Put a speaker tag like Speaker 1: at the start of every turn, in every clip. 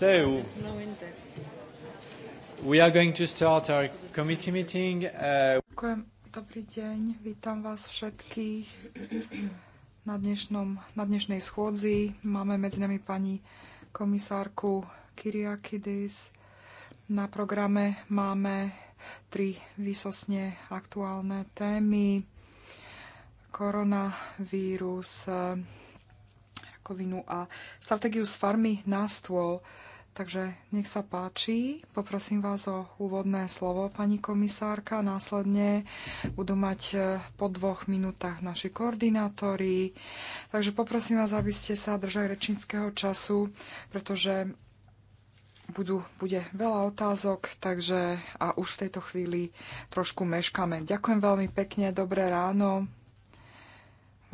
Speaker 1: So, we are going to start our committee meeting. Uh...
Speaker 2: Dobrý deň, vítam vás všetkých na, dnešnom, na dnešnej schôdzi. Máme medzi nami pani komisárku Kyriakidis. Na programe máme tri vysosne aktuálne témy. Koronavírus, rakovinu a stratégiu z farmy na stôl. Takže nech sa páči, poprosím vás o úvodné slovo, pani komisárka. Následne budú mať e, po dvoch minútach naši koordinátori. Takže poprosím vás, aby ste sa držali rečníckého času, pretože budú, bude veľa otázok, takže a už v tejto chvíli trošku meškame. Ďakujem veľmi pekne, dobré ráno.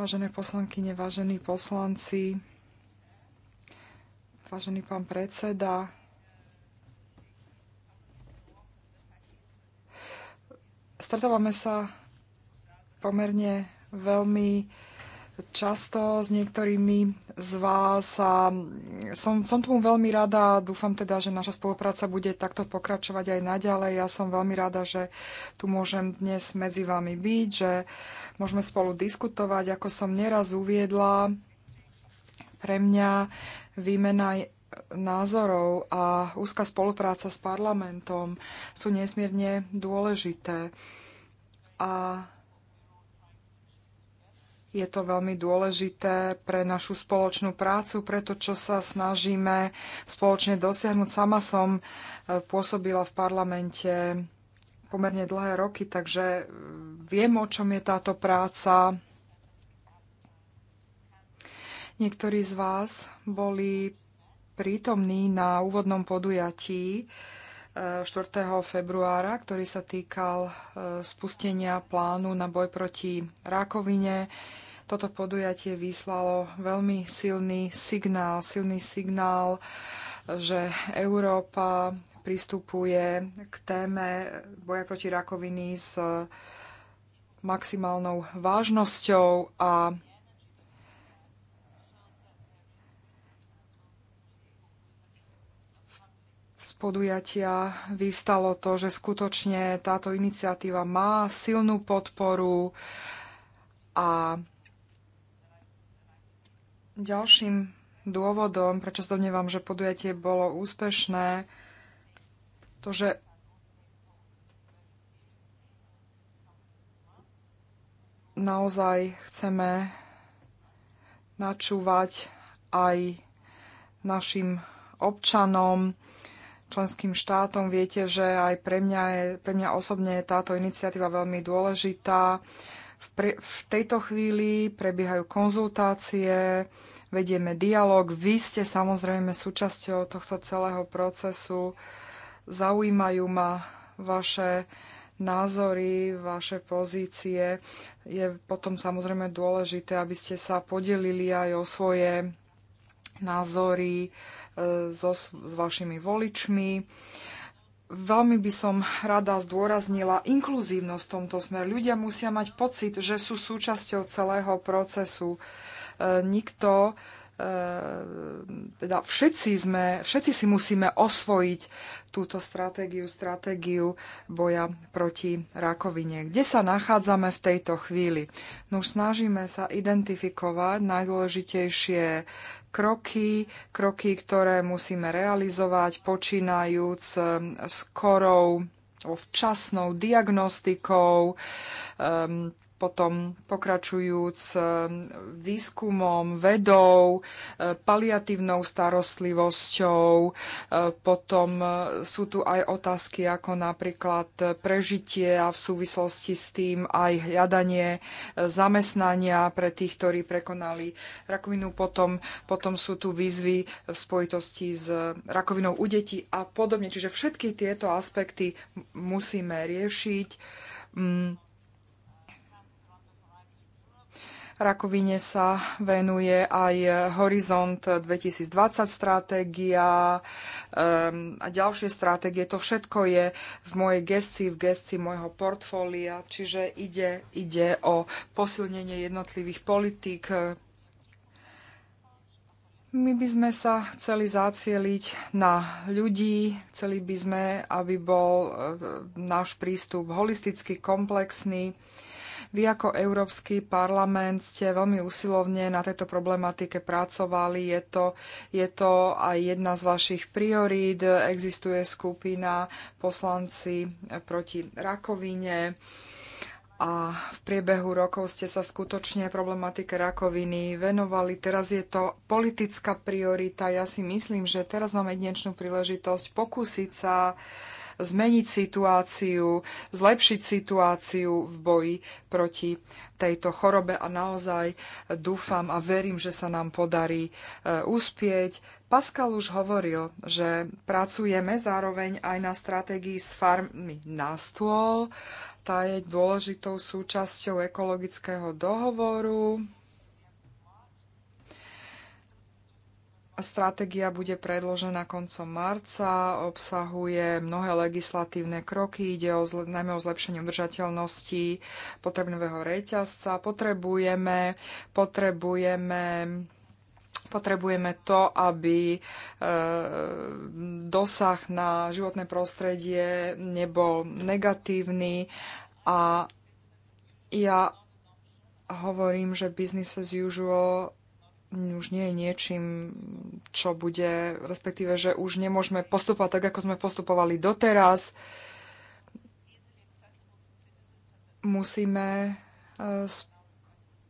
Speaker 2: Vážené poslankyne, vážení poslanci, vážený pán predseda, stretávame sa pomerne veľmi často s niektorými z vás a som, som tomu veľmi rada a dúfam teda, že naša spolupráca bude takto pokračovať aj naďalej. Ja som veľmi rada, že tu môžem dnes medzi vami byť, že môžeme spolu diskutovať. Ako som neraz uviedla, pre mňa výmena názorov a úzka spolupráca s parlamentom sú nesmierne dôležité. A je to veľmi dôležité pre našu spoločnú prácu, preto čo sa snažíme spoločne dosiahnuť. Sama som e, pôsobila v parlamente pomerne dlhé roky, takže e, viem, o čom je táto práca. Niektorí z vás boli prítomní na úvodnom podujatí, 4. februára, ktorý sa týkal e, spustenia plánu na boj proti rakovine. Toto podujatie vyslalo veľmi silný signál, silný signál, že Európa pristupuje k téme boja proti rakoviny s e, maximálnou vážnosťou a podujatia vystalo to, že skutočne táto iniciatíva má silnú podporu a ďalším dôvodom, prečo sa domnievam, že podujatie bolo úspešné, to, že naozaj chceme načúvať aj našim občanom, členským štátom. Viete, že aj pre mňa, je, pre mňa osobne je táto iniciatíva veľmi dôležitá. V, pre, v tejto chvíli prebiehajú konzultácie, vedieme dialog. Vy ste samozrejme súčasťou tohto celého procesu. Zaujímajú ma vaše názory, vaše pozície. Je potom samozrejme dôležité, aby ste sa podelili aj o svoje názory e, so, s vašimi voličmi. Veľmi by som rada zdôraznila inkluzívnosť v tomto smer. Ľudia musia mať pocit, že sú súčasťou celého procesu. E, nikto, e, teda všetci, sme, všetci si musíme osvojiť túto stratégiu, stratégiu boja proti rakovine. Kde sa nachádzame v tejto chvíli? No už snažíme sa identifikovať najdôležitejšie kroky, kroky, ktoré musíme realizovať, počínajúc um, skorou včasnou diagnostikou, um, potom pokračujúc e, výskumom, vedou, e, paliatívnou starostlivosťou. E, potom sú tu aj otázky ako napríklad prežitie a v súvislosti s tým aj hľadanie zamestnania pre tých, ktorí prekonali rakovinu. Potom, potom sú tu výzvy v spojitosti s rakovinou u detí a podobne. Čiže všetky tieto aspekty musíme riešiť. Mm, rakovine sa venuje aj Horizont 2020 stratégia um, a ďalšie stratégie. To všetko je v mojej gestii, v gesci môjho portfólia, čiže ide, ide o posilnenie jednotlivých politík. My by sme sa chceli zacieliť na ľudí, chceli by sme, aby bol e, e, náš prístup holisticky komplexný. Vy ako Európsky parlament ste veľmi usilovne na tejto problematike pracovali. Je to, je to aj jedna z vašich priorít. Existuje skupina poslanci proti rakovine a v priebehu rokov ste sa skutočne problematike rakoviny venovali. Teraz je to politická priorita. Ja si myslím, že teraz máme dnešnú príležitosť pokúsiť sa uh, zmeniť situáciu, zlepšiť situáciu v boji proti tejto chorobe a naozaj dúfam a verím, že sa nám podarí e, uspieť. Pascal už hovoril, že pracujeme zároveň aj na stratégii s farmy na stôl. Tá je dôležitou súčasťou ekologického dohovoru Stratégia bude predložená koncom marca, obsahuje mnohé legislatívne kroky, ide o zle, najmä o zlepšenie udržateľnosti potrebného reťazca. Potrebujeme, potrebujeme Potrebujeme to, aby e, dosah na životné prostredie nebol negatívny a ja hovorím, že business as usual už nie je niečím, čo bude, respektíve, že už nemôžeme postupovať tak, ako sme postupovali doteraz. Musíme eh,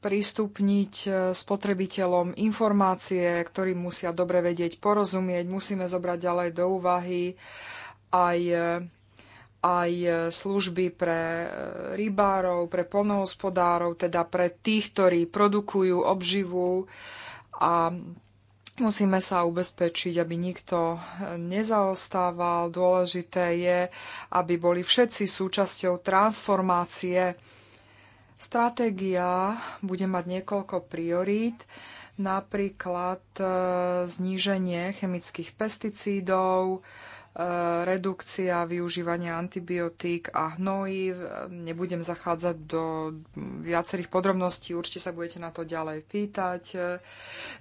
Speaker 2: prístupniť eh, spotrebiteľom informácie, ktorým musia dobre vedieť, porozumieť. Musíme zobrať ďalej do úvahy aj aj služby pre eh, rybárov, pre polnohospodárov, teda pre tých, ktorí produkujú obživu a Musíme sa ubezpečiť, aby nikto nezaostával. Dôležité je, aby boli všetci súčasťou transformácie. Stratégia bude mať niekoľko priorít, napríklad e, zníženie chemických pesticídov, redukcia využívania antibiotík a hnojív. Nebudem zachádzať do viacerých podrobností, určite sa budete na to ďalej pýtať.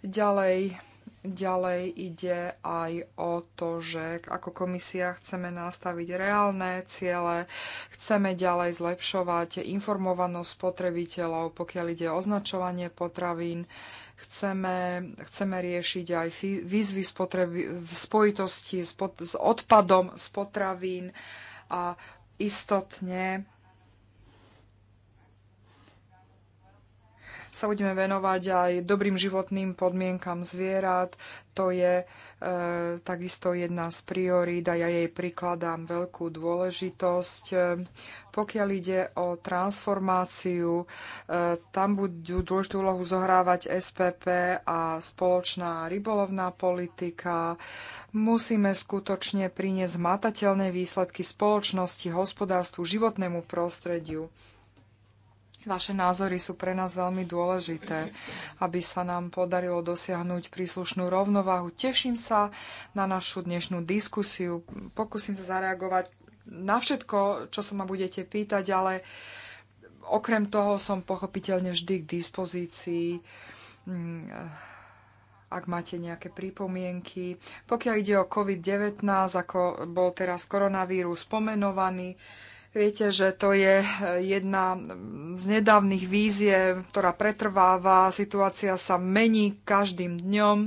Speaker 2: Ďalej, ďalej ide aj o to, že ako komisia chceme nastaviť reálne ciele, chceme ďalej zlepšovať informovanosť spotrebiteľov, pokiaľ ide o označovanie potravín Chceme, chceme riešiť aj výzvy spotreby, v spojitosti s, pod, s odpadom z potravín a istotne sa budeme venovať aj dobrým životným podmienkam zvierat. To je e, takisto jedna z priorít a ja jej prikladám veľkú dôležitosť. E, pokiaľ ide o transformáciu, e, tam budú dôležitú úlohu zohrávať SPP a spoločná rybolovná politika. Musíme skutočne priniesť matateľné výsledky spoločnosti, hospodárstvu, životnému prostrediu. Vaše názory sú pre nás veľmi dôležité, aby sa nám podarilo dosiahnuť príslušnú rovnováhu. Teším sa na našu dnešnú diskusiu. Pokúsim sa zareagovať na všetko, čo sa ma budete pýtať, ale okrem toho som pochopiteľne vždy k dispozícii mm, ak máte nejaké prípomienky. Pokiaľ ide o COVID-19, ako bol teraz koronavírus spomenovaný, Viete, že to je eh, jedna z nedávnych víziev, ktorá pretrváva, situácia sa mení každým dňom.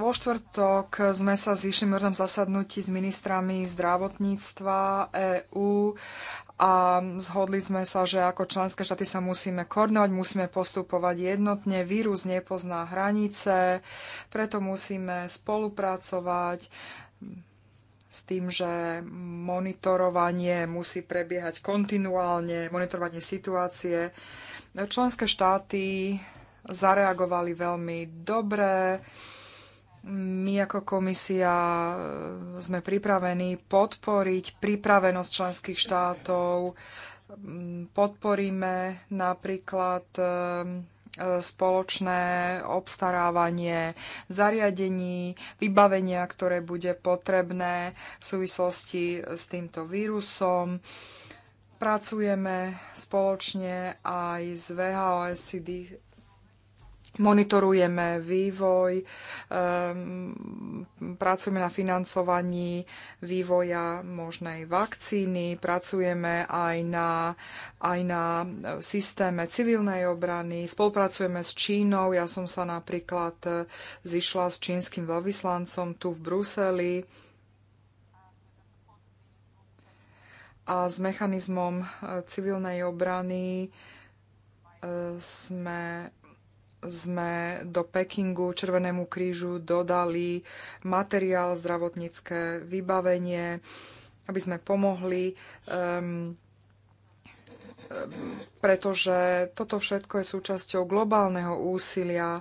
Speaker 2: Vo štvrtok sme sa zišli v mŕtvom zasadnutí s ministrami zdravotníctva EÚ a zhodli sme sa, že ako členské štáty sa musíme koordinovať, musíme postupovať jednotne, vírus nepozná hranice, preto musíme spolupracovať s tým, že monitorovanie musí prebiehať kontinuálne, monitorovanie situácie. Členské štáty zareagovali veľmi dobre my ako komisia e, sme pripravení podporiť pripravenosť členských štátov. Mm, podporíme napríklad e, e, spoločné obstarávanie zariadení, vybavenia, ktoré bude potrebné v súvislosti s týmto vírusom. Pracujeme spoločne aj s VHO, monitorujeme vývoj, um, pracujeme na financovaní vývoja možnej vakcíny, pracujeme aj na, aj na systéme civilnej obrany, spolupracujeme s Čínou. Ja som sa napríklad e, zišla s čínskym veľvyslancom tu v Bruseli a s mechanizmom e, civilnej obrany e, sme sme do Pekingu Červenému krížu dodali materiál, zdravotnícke vybavenie, aby sme pomohli, um, pretože toto všetko je súčasťou globálneho úsilia.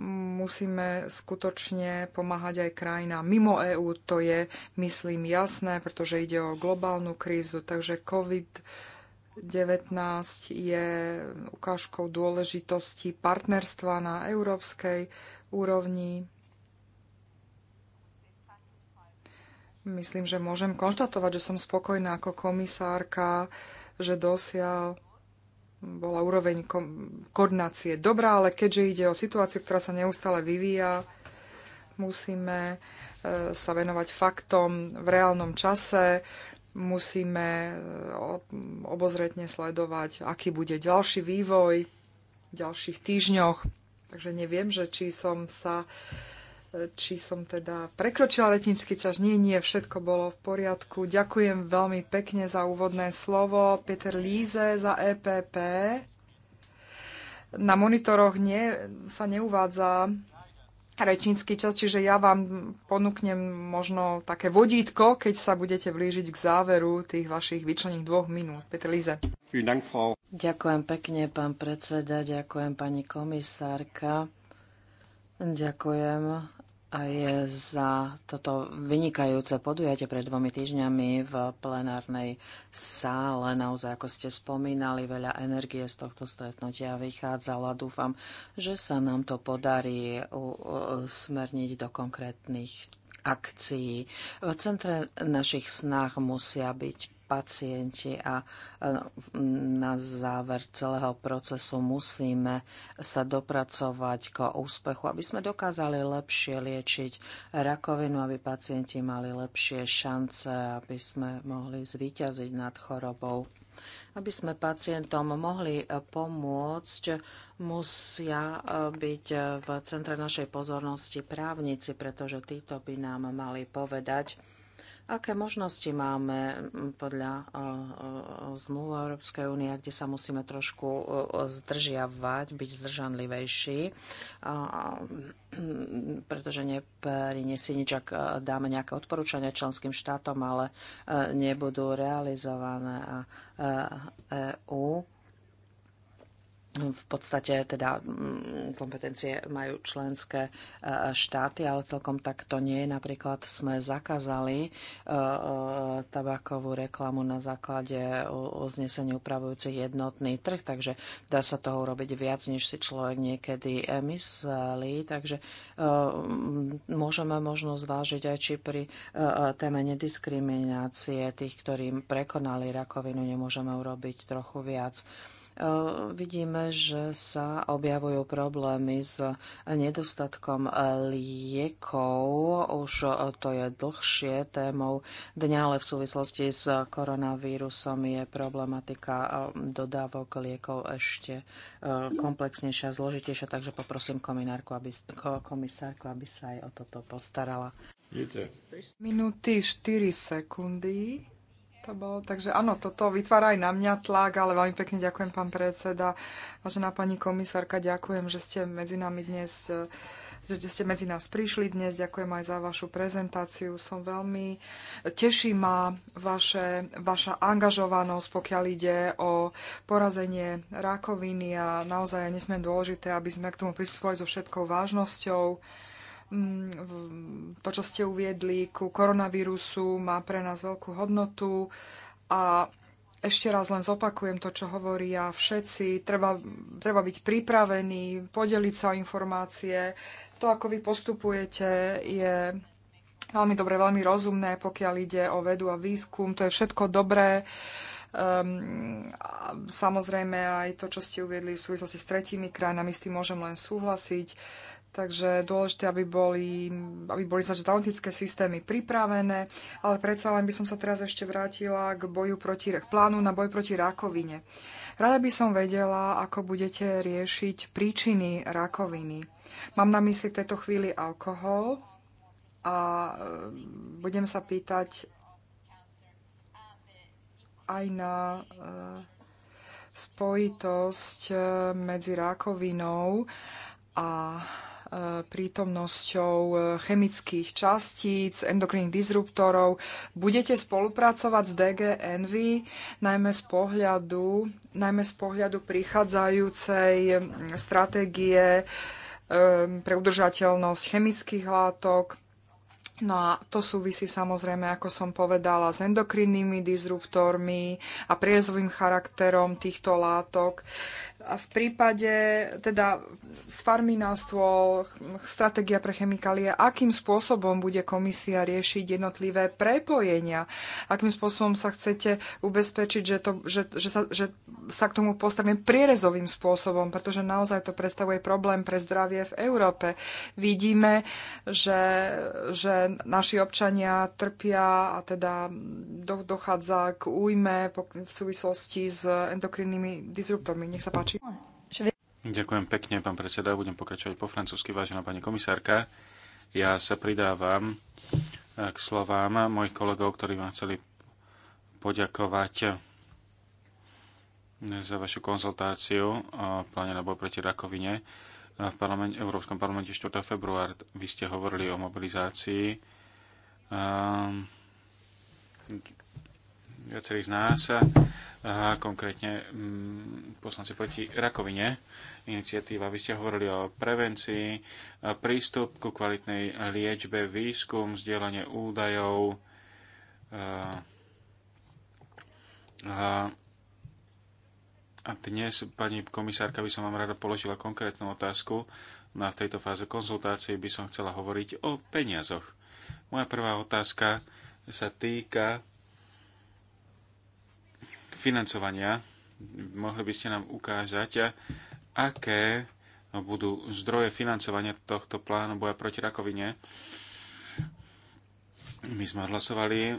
Speaker 2: Musíme skutočne pomáhať aj krajinám mimo EÚ, to je, myslím, jasné, pretože ide o globálnu krízu, takže COVID 19 je ukážkou dôležitosti partnerstva na európskej úrovni. Myslím, že môžem konštatovať, že som spokojná ako komisárka, že dosiaľ bola úroveň ko- koordinácie dobrá, ale keďže ide o situáciu, ktorá sa neustále vyvíja, musíme e, sa venovať faktom v reálnom čase, musíme eh, obozretne sledovať, aký bude ďalší vývoj v ďalších týždňoch. Takže neviem, že či som sa eh, či som teda prekročila letničky čas. Nie, nie, všetko bolo v poriadku. Ďakujem veľmi pekne za úvodné slovo. Peter Líze za EPP. Na monitoroch nie, sa neuvádza rečnícky čas, čiže ja vám ponúknem možno také vodítko, keď sa budete blížiť k záveru tých vašich vyčlených dvoch minút. Petr Lize.
Speaker 3: Ďakujem pekne, pán predseda, ďakujem pani komisárka, ďakujem aj za toto vynikajúce podujatie pred dvomi týždňami v plenárnej sále. Naozaj, ako ste spomínali, veľa energie z tohto stretnutia vychádzalo a dúfam, že sa nám to podarí smerniť do konkrétnych akcií. V centre našich snách musia byť pacienti a e, na záver celého procesu musíme sa dopracovať k úspechu, aby sme dokázali lepšie liečiť rakovinu, aby pacienti mali lepšie šance, aby sme mohli zvíťaziť nad chorobou. Aby sme pacientom mohli e, pomôcť, musia e, byť v centre našej pozornosti právnici, pretože títo by nám mali povedať, aké možnosti máme podľa zmluvy Európskej únie, kde sa musíme trošku zdržiavať, byť zdržanlivejší, pretože nepriniesie nič, ak e, dáme nejaké odporúčania členským štátom, ale e, nebudú realizované. A EU e v podstate teda mm, kompetencie majú členské e, štáty, ale celkom tak to nie. Napríklad sme zakázali e, e, tabakovú reklamu na základe uznesenia upravujúcich jednotný trh, takže dá sa toho urobiť viac, než si človek niekedy myslí. Takže môžeme možno zvážiť aj, či pri téme nediskriminácie tých, ktorí prekonali rakovinu, nemôžeme urobiť trochu viac. Eh, vidíme, že sa objavujú problémy s nedostatkom liekov. Už eh, to je dlhšie témou dňa, ale v súvislosti s koronavírusom je problematika eh, dodávok liekov ešte komplexnejšia, zložitejšia, takže poprosím komisárku, aby, komisárku, aby sa aj o toto postarala.
Speaker 2: Minúty 4 sekundy to bolo. Takže áno, toto vytvára aj na mňa tlak, ale veľmi pekne ďakujem, pán predseda. Vážená pani komisárka, ďakujem, že ste medzi nami dnes že ste medzi nás prišli dnes. Ďakujem aj za vašu prezentáciu. Som veľmi... Teší ma vaše, vaša angažovanosť, pokiaľ ide o porazenie rakoviny a naozaj je nesmierne dôležité, aby sme k tomu pristupovali so všetkou vážnosťou. Mm, to, čo ste uviedli ku koronavírusu, má pre nás veľkú hodnotu a ešte raz len zopakujem to, čo hovoria všetci. Treba, treba byť pripravený, podeliť sa o informácie. To, ako vy postupujete, je veľmi dobre, veľmi rozumné, pokiaľ ide o vedu a výskum. To je všetko dobré. Um, samozrejme aj to, čo ste uviedli v súvislosti s tretími krajinami, s tým môžem len súhlasiť. Takže dôležité, aby boli, aby boli zdravotnícke systémy pripravené, ale predsa len by som sa teraz ešte vrátila k boju proti, k plánu na boj proti rakovine. Rada by som vedela, ako budete riešiť príčiny rakoviny. Mám na mysli v tejto chvíli alkohol a e, budem sa pýtať aj na e, spojitosť e, medzi rakovinou a prítomnosťou eh, chemických častíc, endokrinných disruptorov. Budete spolupracovať s DG Envy, najmä z pohľadu, najmä z pohľadu prichádzajúcej eh, stratégie eh, pre udržateľnosť chemických látok. No a to súvisí samozrejme, ako som povedala, s endokrinnými disruptormi a priezovým charakterom týchto látok. A v prípade teda z farmy na stôl, stratégia pre chemikálie, akým spôsobom bude komisia riešiť jednotlivé prepojenia, akým spôsobom sa chcete ubezpečiť, že, to, že, že, sa, že sa k tomu postavím prierezovým spôsobom, pretože naozaj to predstavuje problém pre zdravie v Európe. Vidíme, že, že naši občania trpia a teda dochádza k újme v súvislosti s endokrinnými disruptormi. Nech sa páči páči.
Speaker 1: Ďakujem pekne, pán predseda. Budem pokračovať po francúzsky, vážená pani komisárka. Ja sa pridávam eh, k slovám mojich kolegov, ktorí vám chceli poďakovať eh, za vašu konzultáciu o pláne na boj proti rakovine eh, v parlament, Európskom parlamente 4. február. Vy ste hovorili o mobilizácii viacerých z nás, a konkrétne mm, poslanci proti rakovine, iniciatíva. Vy ste hovorili o prevencii, prístup ku kvalitnej liečbe, výskum, vzdielanie údajov, a dnes, pani komisárka, by som vám rada položila konkrétnu otázku. No v tejto fáze konzultácie by som chcela hovoriť o peniazoch. Moja prvá otázka sa týka financovania. Mohli by ste nám ukázať, aké budú zdroje financovania tohto plánu boja proti rakovine. My sme hlasovali eh,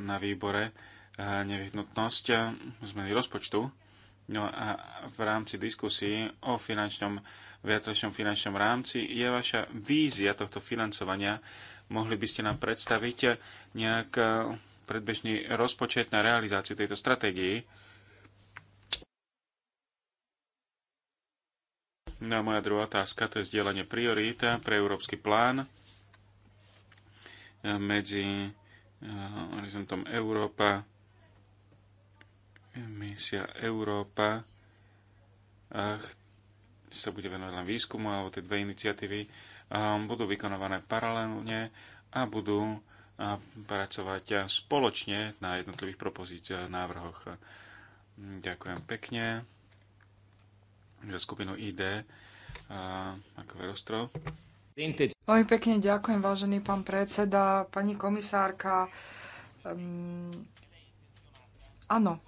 Speaker 1: na výbore eh, nevyhnutnosť eh, zmeny rozpočtu. No a v rámci diskusí o finančnom, viacročnom finančnom rámci je vaša vízia tohto financovania. Mohli by ste nám predstaviť nejak predbežný rozpočet na realizáciu tejto stratégii. No a moja druhá otázka, to je zdieľanie priorít pre európsky plán medzi eh, horizontom Európa, misia Európa Ach, eh, sa bude venovať len výskumu, alebo tie dve iniciatívy eh, budú vykonované paralelne a budú pracovať spoločne na jednotlivých propozíciách a návrhoch. Ďakujem pekne za skupinu ID ako Verostro.
Speaker 2: Veľmi pekne ďakujem, vážený pán predseda, pani komisárka. Um, áno,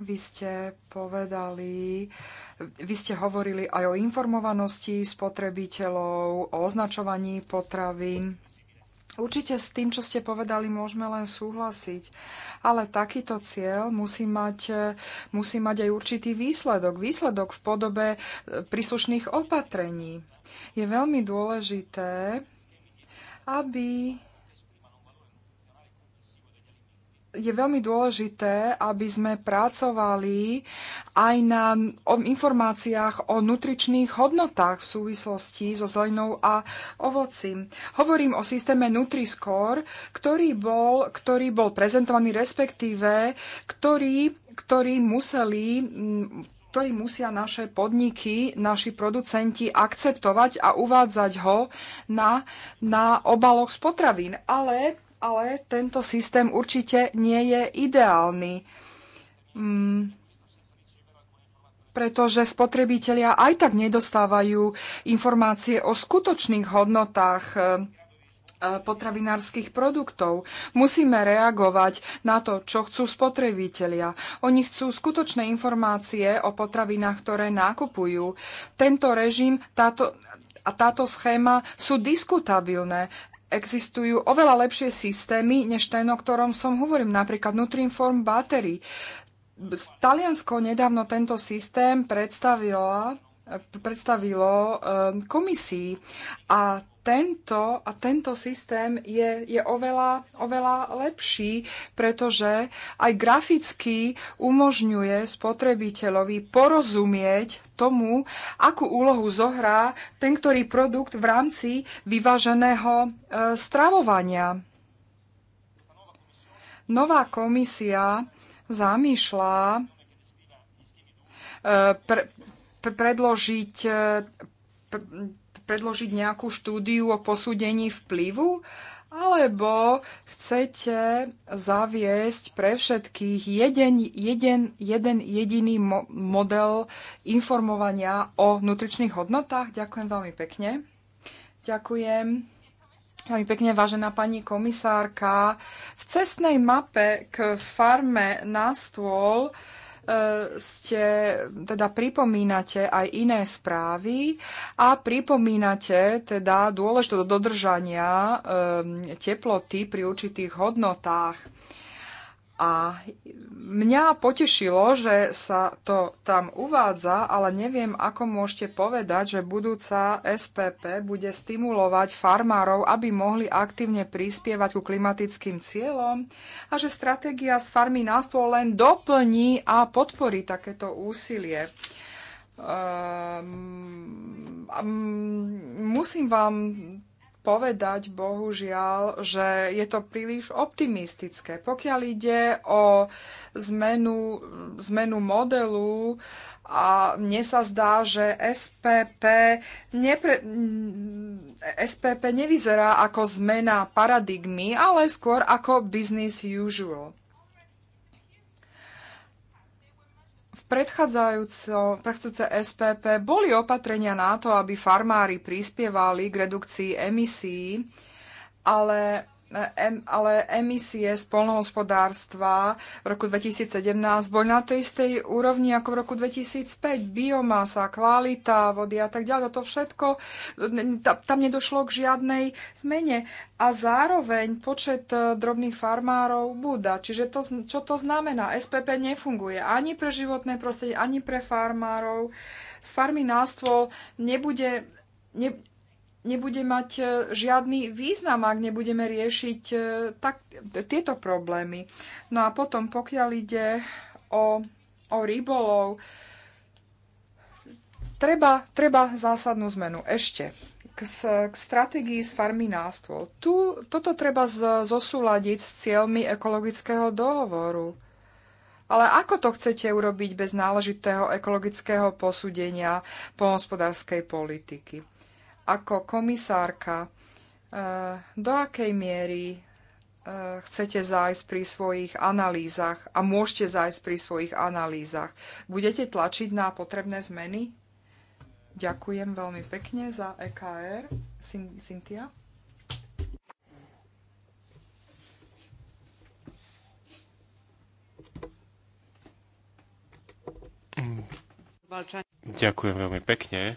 Speaker 2: vy ste povedali, vy ste hovorili aj o informovanosti spotrebiteľov, o označovaní potravín Určite s tým, čo ste povedali, môžeme len súhlasiť. Ale takýto cieľ musí mať, e, musí mať aj určitý výsledok. Výsledok v podobe e, príslušných opatrení. Je veľmi dôležité, aby je veľmi dôležité, aby sme pracovali aj na o informáciách o nutričných hodnotách v súvislosti so zelenou a ovocím. Hovorím o systéme Nutriscore, ktorý bol, ktorý bol prezentovaný, respektíve ktorý, ktorý museli mm, ktorý musia naše podniky, naši producenti akceptovať a uvádzať ho na, na obaloch z potravín. Ale ale tento systém určite nie je ideálny, mm. pretože spotrebitelia aj tak nedostávajú informácie o skutočných hodnotách e, e, potravinárskych produktov. Musíme reagovať na to, čo chcú spotrebitelia. Oni chcú skutočné informácie o potravinách, ktoré nákupujú. Tento režim, táto, a táto schéma sú diskutabilné existujú oveľa lepšie systémy, než ten, o ktorom som hovorím, napríklad Nutrinform Battery. Taliansko nedávno tento systém predstavilo eh, komisii a tento, a tento systém je, je oveľa, oveľa lepší, pretože aj graficky umožňuje spotrebiteľovi porozumieť tomu, akú úlohu zohrá ten, ktorý produkt v rámci vyváženého e, stravovania. Nová komisia zamýšľa e, pre, predložiť e, predložiť nejakú štúdiu o posúdení vplyvu? Alebo chcete zaviesť pre všetkých jeden, jeden, jeden jediný mo- model informovania o nutričných hodnotách? Ďakujem veľmi pekne. Ďakujem. Veľmi pekne, vážená pani komisárka. V cestnej mape k farme na stôl uh, ste, teda pripomínate aj iné správy a pripomínate teda dôležitosť do dodržania ehm, teploty pri určitých hodnotách. A mňa potešilo, že sa to tam uvádza, ale neviem, ako môžete povedať, že budúca SPP bude stimulovať farmárov, aby mohli aktívne prispievať ku klimatickým cieľom a že stratégia z farmy na stôl len doplní a podporí takéto úsilie. Um, um, musím vám povedať, bohužiaľ, že je to príliš optimistické. Pokiaľ ide o zmenu, zmenu modelu, a mne sa zdá, že SPP, nepre, SPP nevyzerá ako zmena paradigmy, ale skôr ako business usual. predchádzajúce SPP boli opatrenia na to, aby farmári prispievali k redukcii emisí, ale ale emisie z polnohospodárstva v roku 2017 boli na tej istej úrovni ako v roku 2005. Biomasa, kvalita vody a tak ďalej, to všetko, tam nedošlo k žiadnej zmene. A zároveň počet e, drobných farmárov búda. Čiže to, čo to znamená? SPP nefunguje ani pre životné prostredie, ani pre farmárov. Z farmy na stôl nebude... Ne, nebude mať e, žiadny význam, ak nebudeme riešiť e, tak, tieto problémy. No a potom, pokiaľ ide o, o rybolov, treba, treba zásadnú zmenu ešte k, k stratégii z farmy Tu, toto treba z, zosúľadiť s cieľmi ekologického dohovoru. Ale ako to chcete urobiť bez náležitého ekologického posúdenia pohospodárskej politiky? ako komisárka, e, do akej miery e, chcete zájsť pri svojich analýzach a môžete zájsť pri svojich analýzach. Budete tlačiť na potrebné zmeny? Ďakujem veľmi pekne za EKR. Cynthia?
Speaker 1: Ďakujem veľmi pekne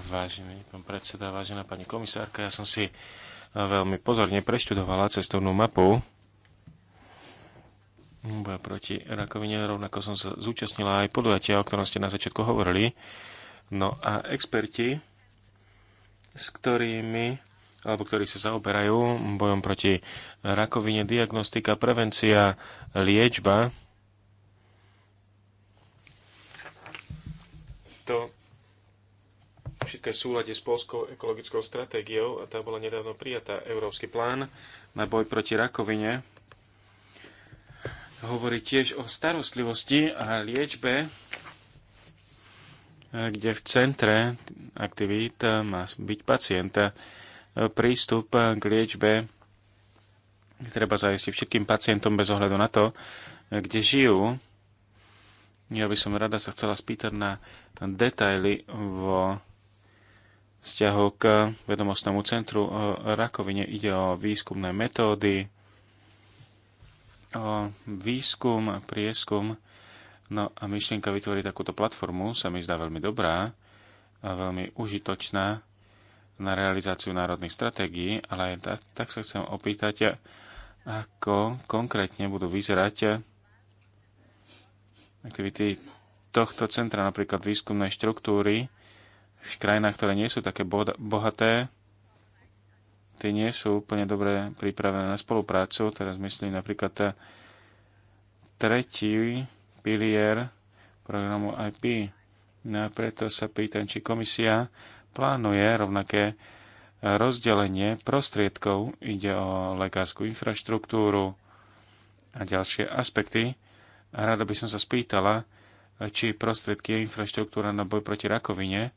Speaker 1: Vážený pán predseda, vážená pani komisárka, ja som si veľmi pozorne preštudovala cestovnú mapu boja proti rakovine. Rovnako som sa zúčastnila aj podujatia, o ktorom ste na začiatku hovorili. No a experti, s ktorými alebo ktorí sa zaoberajú bojom proti rakovine, diagnostika, prevencia, liečba. To všetko je v súlade s polskou ekologickou stratégiou a tá bola nedávno prijatá. Európsky plán na boj proti rakovine hovorí tiež o starostlivosti a liečbe, e, kde v centre aktivít má byť pacienta. E, prístup k liečbe treba zajistiť všetkým pacientom bez ohľadu na to, kde žijú. Ja by som rada sa chcela spýtať na detaily vo vzťahu k vedomostnému centru o rakovine. Ide o výskumné metódy, o výskum a prieskum. No a myšlienka vytvoriť takúto platformu sa mi zdá veľmi dobrá a veľmi užitočná na realizáciu národných stratégií, ale aj tak, tak sa chcem opýtať, ako konkrétne budú vyzerať aktivity tohto centra, napríklad výskumné štruktúry, v krajinách, ktoré nie sú také bohaté, tie nie sú úplne dobre pripravené na spoluprácu. Teraz myslím napríklad tretí pilier programu IP. No a preto sa pýtam, či komisia plánuje rovnaké rozdelenie prostriedkov. Ide o lekárskú infraštruktúru a ďalšie aspekty. A rada by som sa spýtala, či prostriedky a infraštruktúra na boj proti rakovine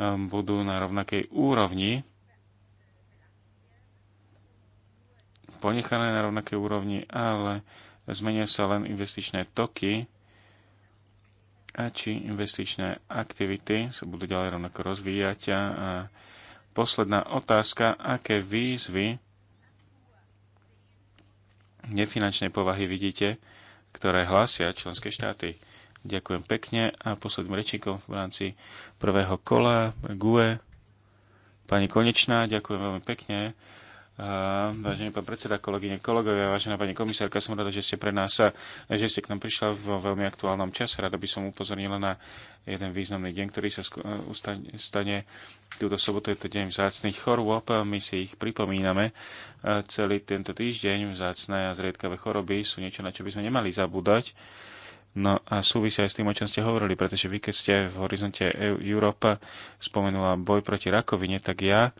Speaker 1: Um, budú na rovnakej úrovni, ponechané na rovnakej úrovni, ale zmenia sa len investičné toky a či investičné aktivity sa budú ďalej rovnako rozvíjať. A posledná otázka, aké výzvy nefinančnej povahy vidíte, ktoré hlásia členské štáty? Ďakujem pekne a posledným rečníkom v rámci prvého kola GUE. Pani Konečná, ďakujem veľmi pekne. A, vážený pán predseda, kolegyne, kolegovia, vážená pani komisárka, som rada, že ste pre nás, a že ste k nám prišla v veľmi aktuálnom čase. Rada by som upozornila na jeden významný deň, ktorý sa e, stane túto sobotu. Je to deň vzácných chorôb. My si ich pripomíname e, celý tento týždeň. Vzácne a zriedkavé choroby sú niečo, na čo by sme nemali zabúdať. No a súvisia aj s tým, o čom ste hovorili, pretože vy, keď ste v horizonte e- Európa spomenula boj proti rakovine, tak ja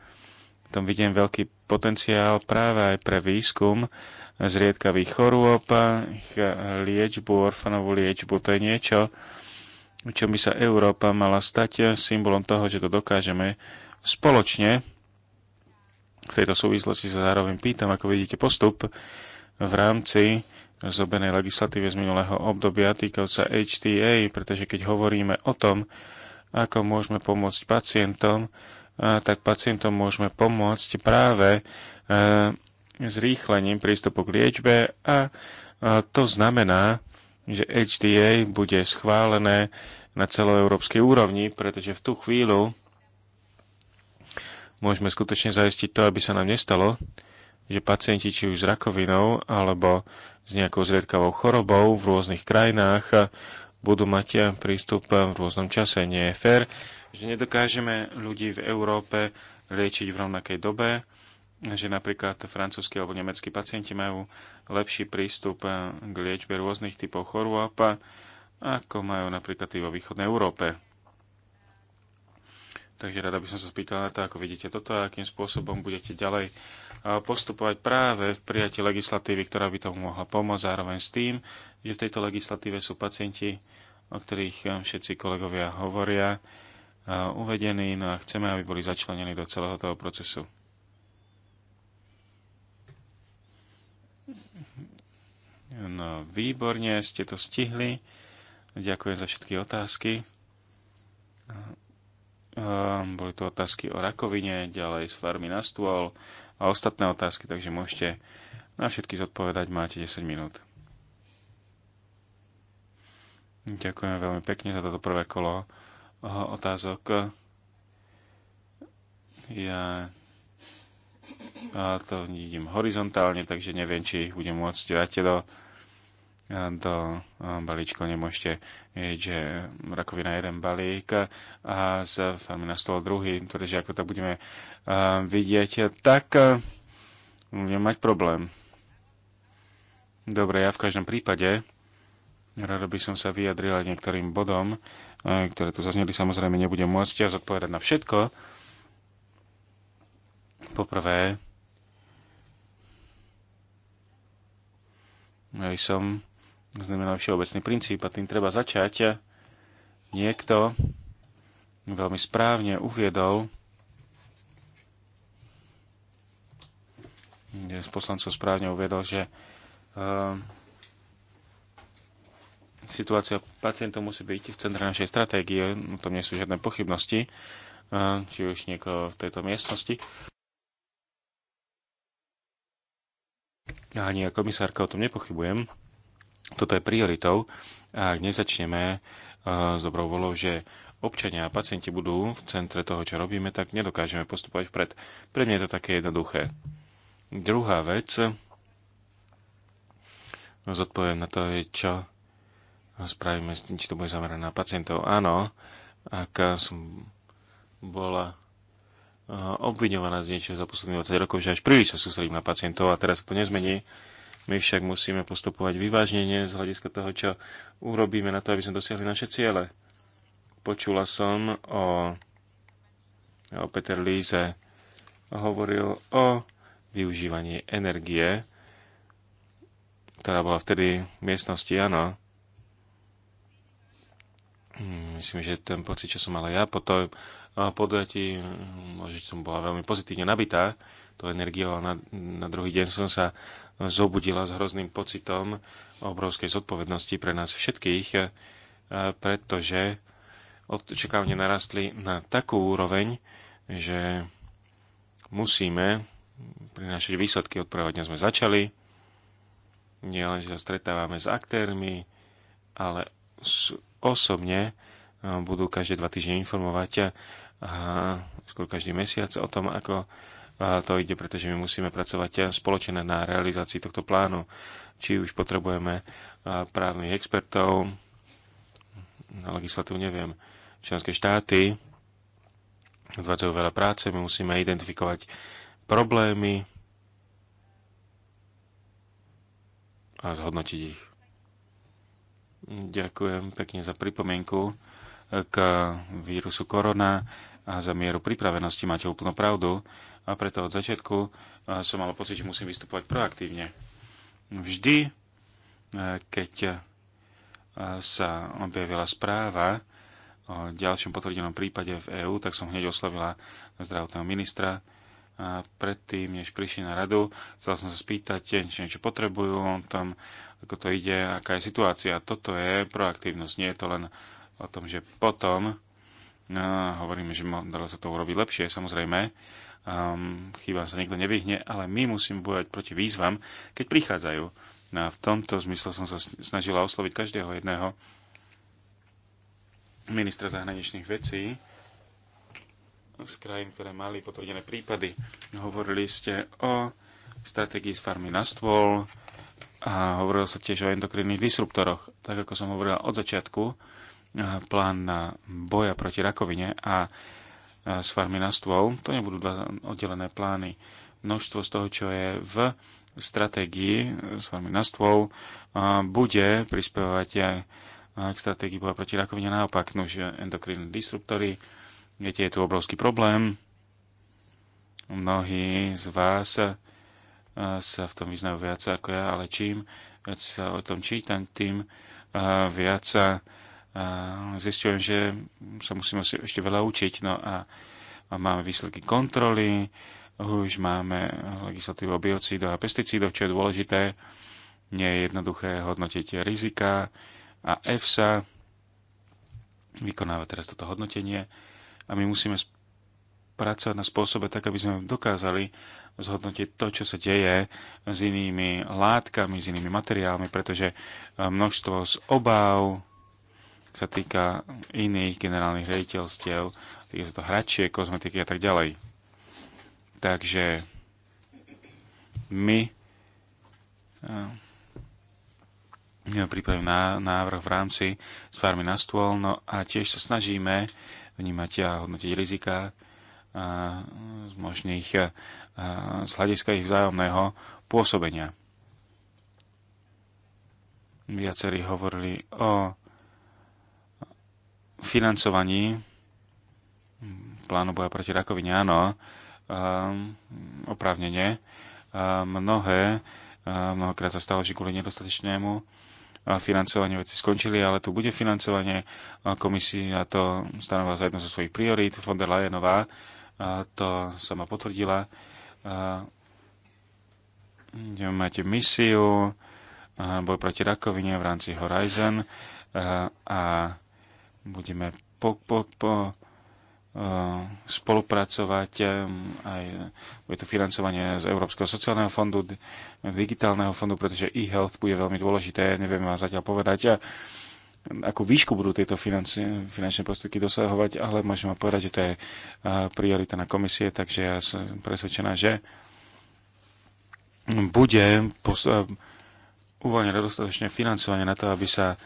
Speaker 1: v tom vidím veľký potenciál práve aj pre výskum zriedkavých chorôb, liečbu, orfanovú liečbu. To je niečo, čo by sa Európa mala stať symbolom toho, že to dokážeme spoločne. V tejto súvislosti sa zároveň pýtam, ako vidíte postup v rámci zobenej legislatíve z minulého obdobia týkajúca HTA, pretože keď hovoríme o tom, ako môžeme pomôcť pacientom, tak pacientom môžeme pomôcť práve e, zrýchlením prístupu k liečbe a to znamená, že HTA bude schválené na celoeurópskej úrovni, pretože v tú chvíľu môžeme skutočne zaistiť to, aby sa nám nestalo, že pacienti či už s rakovinou alebo s nejakou zriedkavou chorobou v rôznych krajinách budú mať e, prístup e, v rôznom čase. Nie je fér, že nedokážeme ľudí v Európe liečiť v rovnakej dobe, že napríklad francúzski alebo nemeckí pacienti majú lepší prístup e, k liečbe rôznych typov chorôb, ako majú napríklad i vo východnej Európe. Takže rada by som sa spýtala na to, ako vidíte toto a akým spôsobom budete ďalej e, postupovať práve v prijatí legislatívy, ktorá by tomu mohla pomôcť, zároveň s tým, že v tejto legislatíve sú pacienti, o ktorých e, všetci kolegovia hovoria, e, uvedení no a chceme, aby boli začlenení do celého toho procesu. No, výborne ste to stihli. Ďakujem za všetky otázky boli to otázky o rakovine, ďalej z farmy na stôl a ostatné otázky, takže môžete na všetky zodpovedať, máte 10 minút. Ďakujem veľmi pekne za toto prvé kolo eh, otázok. Ja to vidím horizontálne, takže neviem, či ich budem môcť dať do do eh, balíčkov nemôžete jeť, že rakovina jeden balík a z farmy na stôl druhý, pretože ako to budeme eh, vidieť, tak eh, budeme mať problém. Dobre, ja v každom prípade rado by som sa aj niektorým bodom, ktoré tu zazneli, samozrejme nebudem môcť ja zodpovedať na všetko. Poprvé, ja som znamená všeobecný princíp a tým treba začať. Niekto veľmi správne uviedol, z poslancov správne uviedol, že uh, situácia pacientov musí byť v centre našej stratégie, no tom nie sú žiadne pochybnosti, uh, či už niekoho v tejto miestnosti. Ani ja komisárka o tom nepochybujem toto je prioritou a ak nezačneme e, s dobrou volou, že občania a pacienti budú v centre toho, čo robíme, tak nedokážeme postupovať vpred. Pre mňa je to také jednoduché. Druhá vec, zodpoviem na to, je čo spravíme či to bude zamerané na pacientov. Áno, ak som bola e, obviňovaná z niečoho za posledných 20 rokov, že až príliš sa sústredím na pacientov a teraz sa to nezmení, my však musíme postupovať vyvážnenie z hľadiska toho, čo urobíme na to, aby sme dosiahli naše ciele. Počula som o, o Peter Líze hovoril o využívaní energie, ktorá bola vtedy v miestnosti, áno. Hm, myslím, že ten pocit, čo som mal ja po tom podujatí, možno som bola veľmi pozitívne nabitá, to energiou a na, na druhý deň som sa zobudila s hrozným pocitom obrovskej zodpovednosti pre nás všetkých, e, pretože očakávne narastli na takú úroveň, že musíme prinášať výsledky. Od prvého dňa sme začali. Nie len, že sa stretávame s aktérmi, ale osobne e, budú každé dva týždne informovať a skôr každý mesiac o tom, ako to ide, pretože my musíme pracovať spoločne na realizácii tohto plánu. Či už potrebujeme právnych expertov, na legislatívu neviem, členské štáty odvádzajú veľa práce, my musíme identifikovať problémy a zhodnotiť ich. Ďakujem pekne za pripomienku k vírusu korona a za mieru pripravenosti. Máte úplnú pravdu a preto od začiatku e, som mal pocit, že musím vystupovať proaktívne. Vždy, e, keď e, sa objavila správa o ďalšom potvrdenom prípade v EÚ, tak som hneď oslovila zdravotného ministra. A predtým, než prišli na radu, chcel som sa spýtať, či niečo potrebujú, tam, ako to ide, aká je situácia. Toto je proaktívnosť, nie je to len o tom, že potom no, hovoríme, že dalo sa to urobiť lepšie, samozrejme, um, ehm, chýbam sa niekto nevyhne, ale my musíme bojovať proti výzvam, keď prichádzajú. No a v tomto zmysle som sa snažila osloviť každého jedného ministra zahraničných vecí z krajín, ktoré mali potvrdené prípady. Hovorili ste o stratégii z farmy na stôl a hovorilo sa tiež o endokrinných disruptoroch. Tak ako som hovorila od začiatku, eh, plán na boja proti rakovine a s farmy na stôl. To nebudú dva oddelené plány. Množstvo z toho, čo je v stratégii e, s farmy na stôl, bude prispievať e, aj k stratégii boja proti rakovine. Naopak, nož e, endokrinní disruptory, viete, je tu obrovský problém. Mnohí z vás sa v tom vyznajú viac ako ja, ale čím viac sa o tom čítam, tým viac sa zistujem, že sa musíme ešte veľa učiť. No a máme výsledky kontroly, už máme legislatívu o biocídoch a pesticídoch, čo je dôležité. Nie je jednoduché hodnotiť rizika a EFSA vykonáva teraz toto hodnotenie a my musíme pracovať na spôsobe tak, aby sme dokázali zhodnotiť to, čo sa deje s inými látkami, s inými materiálmi, pretože množstvo z obáv, sa týka iných generálnych rejiteľstiev, týka sa to hračie, kozmetiky a tak ďalej. Takže my ja eh, pripravím návrh v rámci s farmy na stôl, no a tiež sa snažíme vnímať a hodnotiť rizika a eh, z možných a eh, z hľadiska ich vzájomného pôsobenia. Viacerí hovorili o financovaní hm, plánu boja proti rakovine, áno, oprávnenie. Mnohé, mnohokrát sa stalo, že kvôli nedostatečnému financovanie veci skončili, ale tu bude financovanie komisia to stanovala za jednu zo svojich priorít. Von der Leyenová to sama potvrdila. Máte misiu boj proti rakovine v rámci Horizon a budeme po, po, po, eh, spolupracovať eh, aj bude to financovanie z Európskeho sociálneho fondu, digitálneho fondu, pretože e-health bude veľmi dôležité, neviem vám zatiaľ povedať, a eh, akú výšku budú tieto financie, finančné prostriedky dosahovať, ale môžem vám povedať, že to je priorita na komisie, takže ja som presvedčená, že bude uvoľnené dostatočné financovanie na to, aby sa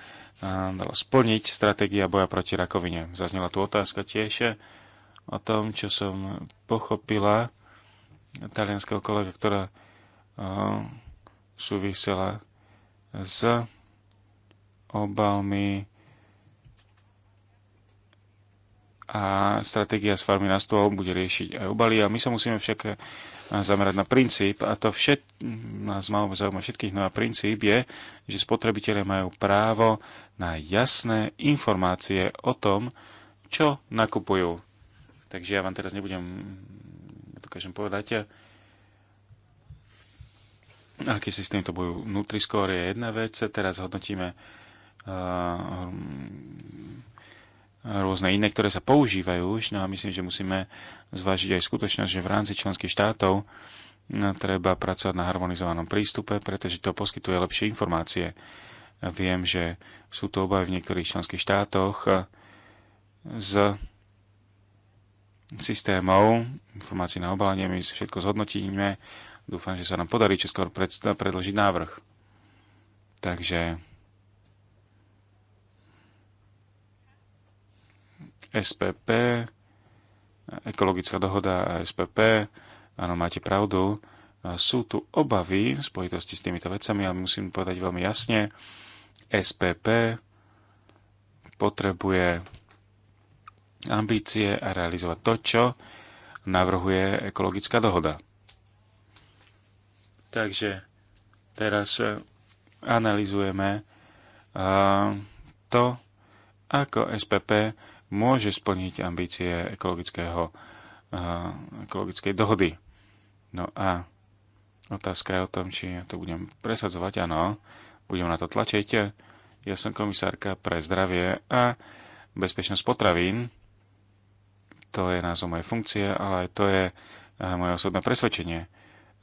Speaker 1: dalo splniť stratégia boja proti rakovine. Zaznela tu otázka tiež o tom, čo som pochopila talianského kolega, ktorá súvisela s obalmi a stratégia z farmy na stôl bude riešiť aj obaly a my sa musíme však zamerať na princíp a to všet, nás malo zaujímať všetkých, no a princíp je, že spotrebitelia majú právo na jasné informácie o tom, čo nakupujú. Takže ja vám teraz nebudem, dokážem povedať, aký systém to budú. skôr je jedna vec, teraz hodnotíme eh, rôzne iné, ktoré sa používajú už, no a myslím, že musíme zvážiť aj skutočnosť, že v rámci členských štátov eh, treba pracovať na harmonizovanom prístupe, pretože to poskytuje lepšie informácie. Viem, že sú to obavy v niektorých členských štátoch e, z systémov informácií na obalenie. My si všetko zhodnotíme. Dúfam, že sa nám podarí čoskoro predložiť návrh. Takže SPP, ekologická dohoda a SPP, áno, máte pravdu, sú tu obavy v spojitosti s týmito vecami a musím povedať veľmi jasne, SPP potrebuje ambície a realizovať to, čo navrhuje ekologická dohoda. Takže teraz e, analizujeme e, to, ako SPP môže splniť ambície ekologického, e, ekologickej dohody. No a Otázka je o tom, či ja to budem presadzovať. Áno, budem na to tlačiť. Ja som komisárka pre zdravie a bezpečnosť potravín. To je názov mojej funkcie, ale aj to je eh, moje osobné presvedčenie.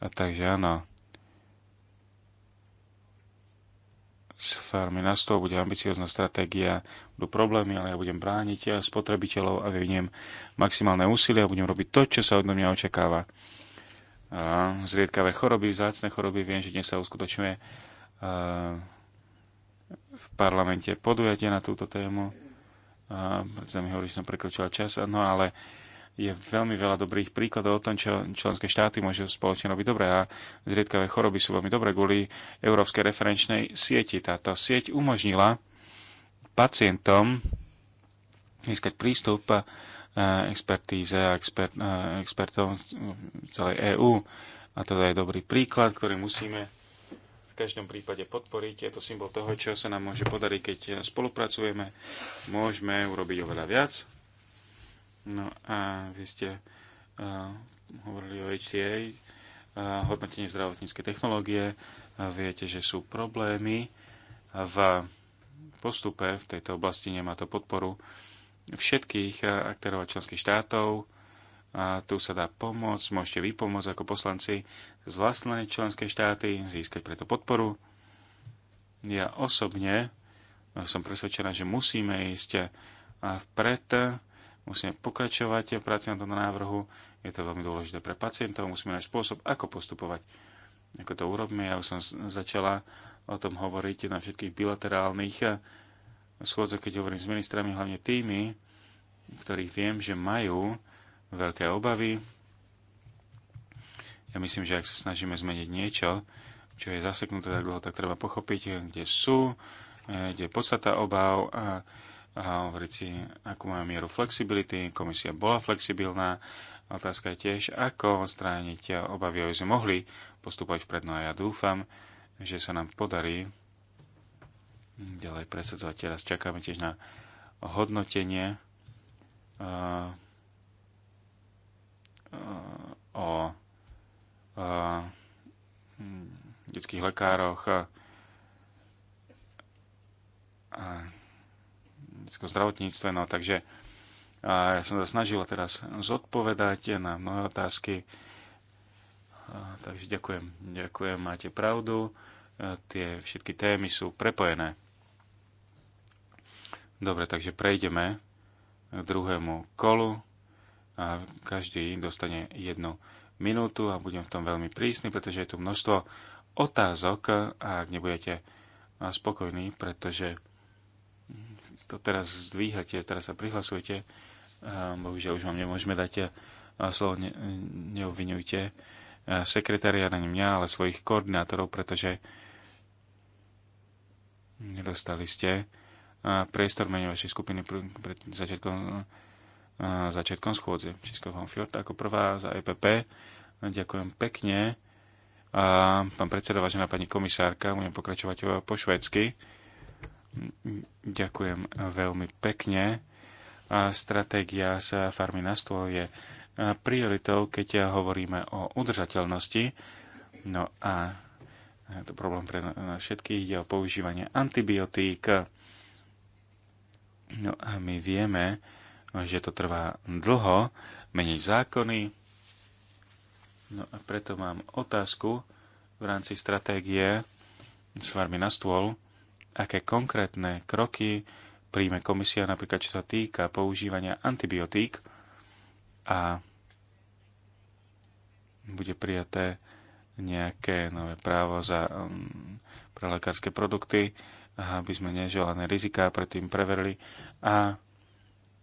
Speaker 1: A takže áno, z farmy na stôl bude ambiciozná stratégia, budú problémy, ale ja budem brániť eh, spotrebiteľov a vyviniem maximálne úsilie a budem robiť to, čo sa od mňa očakáva zriedkavé choroby, vzácne choroby. Viem, že dnes sa uskutočňuje e, v parlamente podujatie na túto tému. Preto mi hovorí, že som prekročila čas. No ale je veľmi veľa dobrých príkladov o tom, čo členské štáty môžu spoločne robiť dobre a zriedkavé choroby sú veľmi dobré kvôli Európskej referenčnej sieti. Táto sieť umožnila pacientom získať prístup Eh, expertíze a expert, eh, expertov v celej EÚ. A toto teda je dobrý príklad, ktorý musíme v každom prípade podporiť. Je to symbol toho, čo sa nám môže podariť, keď spolupracujeme. Môžeme urobiť oveľa viac. No a vy ste uh, hovorili o HTA, uh, hodnotenie zdravotníckej technológie. Uh, viete, že sú problémy v postupe v tejto oblasti, nemá to podporu. Uh, všetkých eh, aktérov a členských štátov. A tu sa dá pomôcť, môžete vy pomôcť ako poslanci z vlastnej členskej štáty, získať preto podporu. Ja osobne eh, som presvedčená, že musíme ísť eh, vpred, musíme pokračovať v práci na tomto návrhu. Je to veľmi dôležité pre pacientov, musíme nájsť spôsob, ako postupovať. Ako to urobíme, ja už som začala o tom hovoriť na všetkých bilaterálnych schôdze, keď hovorím s ministrami, hlavne tými, ktorých viem, že majú veľké obavy. Ja myslím, že ak sa snažíme zmeniť niečo, čo je zaseknuté tak dlho, tak treba pochopiť, kde sú, eh, kde je podstata obav a, a hovoriť si, akú majú mieru flexibility. Komisia bola flexibilná. Otázka je tiež, ako odstrániť obavy, aby sme mohli postúpať vpred. No a ja dúfam, že sa nám podarí ďalej presadzovať. Teraz čakáme tiež na hodnotenie uh, uh, o uh, detských lekároch a, a zdravotníctve. No, takže a ja som sa snažila teraz zodpovedať na mnohé otázky. A, takže ďakujem. Ďakujem, máte pravdu. A tie všetky témy sú prepojené. Dobre, takže prejdeme k druhému kolu. A každý dostane jednu minútu a budem v tom veľmi prísny, pretože je tu množstvo otázok a ak nebudete spokojní, pretože to teraz zdvíhate, teraz sa prihlasujete, bohužiaľ už vám nemôžeme dať slovo, ne, neobvinujte sekretária ani mňa, ale svojich koordinátorov, pretože nedostali ste priestor menej vašej skupiny pred začiatkom, začiatkom schôdze. Česko von ako prvá za EPP. Ďakujem pekne. A pán predseda, vážená pani komisárka, budem pokračovať po švedsky. Ďakujem veľmi pekne. A stratégia z farmy na stôl je prioritou, keď hovoríme o udržateľnosti. No a to problém pre nás všetkých ide o používanie antibiotík No a my vieme, že to trvá dlho, meniť zákony. No a preto mám otázku v rámci stratégie s vami na stôl, aké konkrétne kroky príjme komisia, napríklad čo sa týka používania antibiotík a bude prijaté nejaké nové právo za, mm, pre lekárske produkty, aby sme neželané riziká predtým preverili a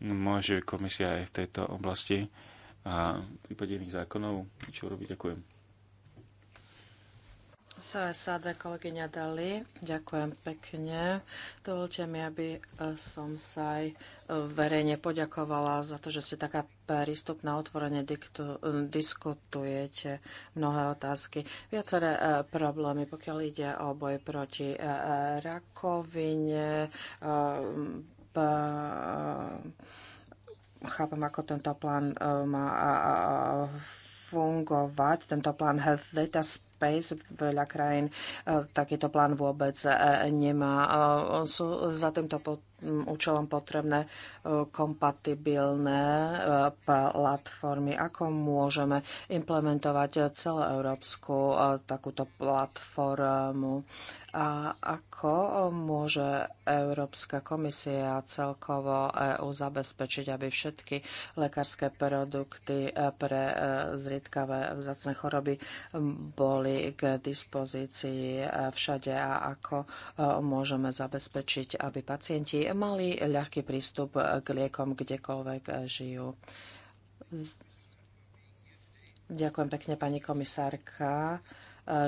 Speaker 1: môže komisia aj v tejto oblasti a prípade iných zákonov niečo urobiť. Ďakujem
Speaker 3: sa SAD kolegyňa Dali. Ďakujem pekne. Dovolte mi, aby e, som sa aj e, verejne poďakovala za to, že ste taká prístupná, otvorene diktu, diskutujete mnohé otázky. Viaceré e, problémy, pokiaľ ide o boj proti rakovine, chápem, ako tento plán má fungovať, tento plán Health Data Space. Veľa krajín eh, takýto plán vôbec eh, nemá. Eh, sú za týmto pod účelom potrebné e, kompatibilné e, platformy. Ako môžeme implementovať celoeurópsku e, takúto platformu? A ako môže Európska komisia celkovo EU zabezpečiť, aby všetky lekárske produkty pre zriedkavé vzácne choroby boli k dispozícii všade a ako môžeme zabezpečiť, aby pacienti mali ľahký prístup k liekom kdekoľvek eh, žijú. Ďakujem pekne, pani komisárka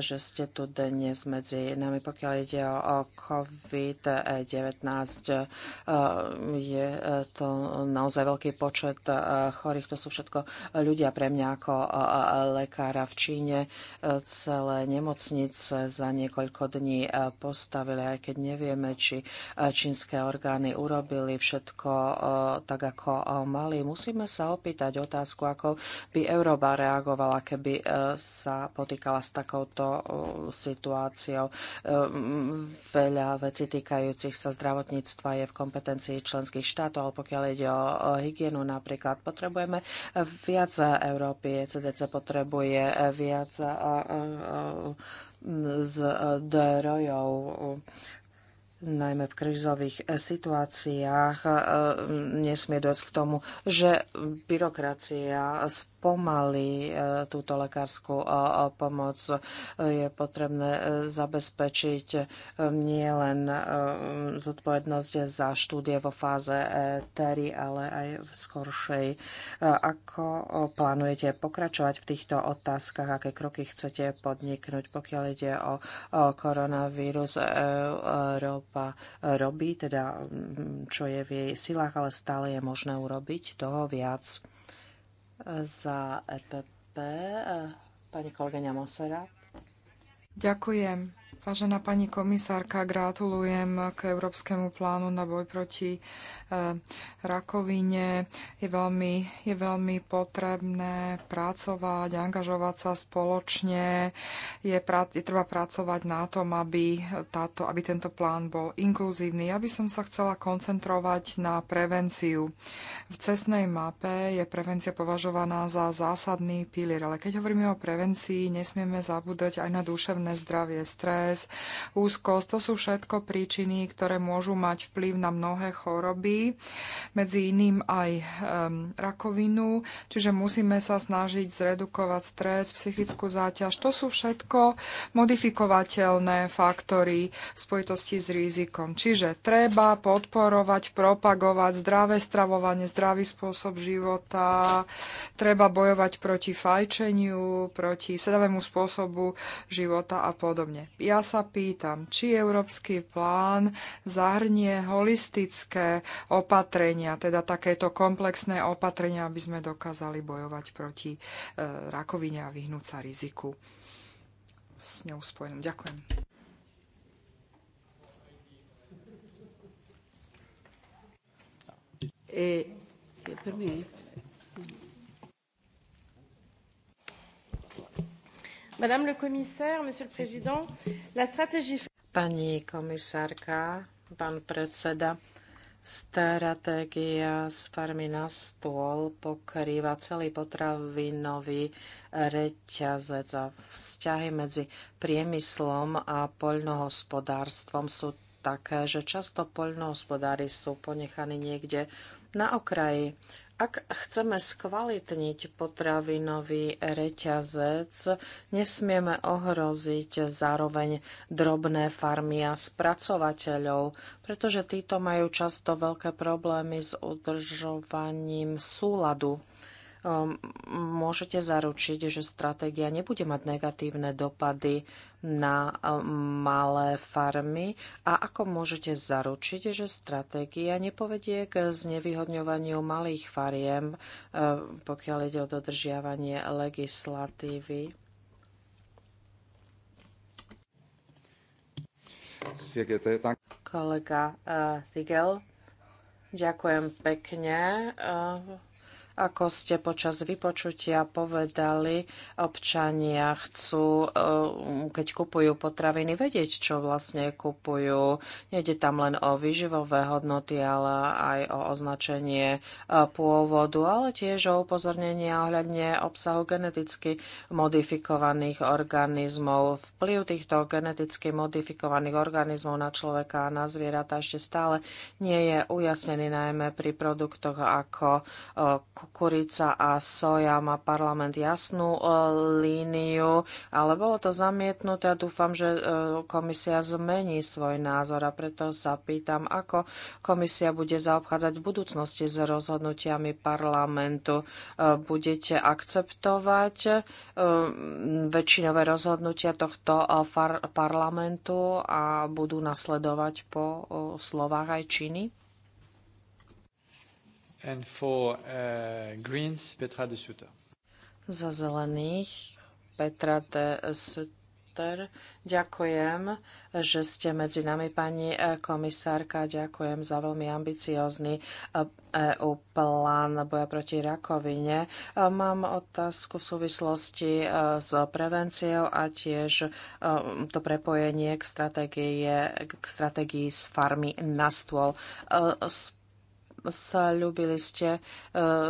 Speaker 3: že ste tu dnes medzi nami. Pokiaľ ide o COVID-19, je e, to naozaj veľký počet e, chorých. To sú všetko ľudia pre mňa ako e, lekára v Číne. Celé nemocnice za niekoľko dní postavili, aj keď nevieme, či čínske orgány urobili všetko tak, ako mali. Musíme sa opýtať otázku, ako by Európa reagovala, keby sa potýkala s takou touto situáciou. E, veľa vecí týkajúcich sa zdravotníctva je v kompetencii členských štátov, ale pokiaľ ide o hygienu napríklad, potrebujeme viac Európy, CDC e potrebuje viac z e, Drojov najmä v krizových situáciách, e, nesmie dojsť k tomu, že byrokracia spomalí e, túto lekárskú e, pomoc. Je potrebné zabezpečiť nielen zodpovednosť za štúdie vo fáze 3, ale aj v skoršej. Ako plánujete pokračovať v týchto otázkach? Aké kroky chcete podniknúť, pokiaľ ide o koronavírus Európy? Európa robí, teda mm, čo je v jej silách, ale stále je možné urobiť toho viac. Za EPP e, pani kolegyňa Mosera. Ďakujem.
Speaker 2: Vážená pani komisárka, gratulujem k Európskemu plánu na boj proti e, rakovine. Je veľmi, je veľmi potrebné pracovať, angažovať sa spoločne. Je, je treba pracovať na tom, aby, táto, aby tento plán bol inkluzívny. Ja by som sa chcela koncentrovať na prevenciu. V cestnej mape je prevencia považovaná za zásadný pilier, ale keď hovoríme o prevencii, nesmieme zabúdať aj na duševné zdravie, stres, stres, úzkosť. To sú všetko príčiny, ktoré môžu mať vplyv na mnohé choroby, medzi iným aj um, rakovinu. Čiže musíme sa snažiť zredukovať stres, psychickú záťaž. To sú všetko modifikovateľné faktory v spojitosti s rizikom. Čiže treba podporovať, propagovať zdravé stravovanie, zdravý spôsob života, treba bojovať proti fajčeniu, proti sedavému spôsobu života a podobne. Ja sa pýtam, či európsky plán zahrnie holistické opatrenia, teda takéto komplexné opatrenia, aby sme dokázali bojovať proti e, rakovine a vyhnúť sa riziku s ňou spojenom. Ďakujem.
Speaker 3: E, per Madame le commissaire, monsieur le président, la stratégie... Pani komisárka, pán predseda, Stratégia z farmy na stôl pokrýva celý potravinový reťazec a vzťahy medzi priemyslom a poľnohospodárstvom sú také, že často poľnohospodári sú ponechaní niekde na okraji. Ak chceme skvalitniť potravinový reťazec, nesmieme ohroziť zároveň drobné farmy a spracovateľov, pretože títo majú často veľké problémy s udržovaním súladu. Um, môžete zaručiť, že stratégia nebude mať negatívne dopady na eh, malé farmy a ako môžete zaručiť, že stratégia nepovedie k znevýhodňovaniu malých fariem, eh, pokiaľ ide o dodržiavanie legislatívy. Kolega eh, Sigel, ďakujem pekne ako ste počas vypočutia povedali, občania chcú, eh, keď kupujú potraviny, vedieť, čo vlastne kupujú. Nejde tam len o vyživové hodnoty, ale aj o označenie eh, pôvodu, ale tiež o upozornenie ohľadne obsahu geneticky modifikovaných organizmov. Vplyv týchto geneticky modifikovaných organizmov na človeka a na zvieratá ešte stále nie je ujasnený, najmä pri produktoch ako eh, kukurica a soja. Má parlament jasnú e, líniu, ale bolo to zamietnuté a dúfam, že e, komisia zmení svoj názor a preto sa pýtam, ako komisia bude zaobchádzať v budúcnosti s rozhodnutiami parlamentu. E, budete akceptovať väčšinové rozhodnutia tohto parlamentu a budú nasledovať po slovách aj činy?
Speaker 1: And for uh, Greens, Petra de Sutter.
Speaker 3: Za zelených Petra de Sutter. Ďakujem, že ste medzi nami, pani eh, komisárka. Ďakujem za veľmi ambiciózny eh, eh, EU plán boja proti rakovine. Mám otázku v súvislosti s prevenciou a tiež to prepojenie k stratégii, k stratégii z farmy na stôl. Sa ľúbili ste e,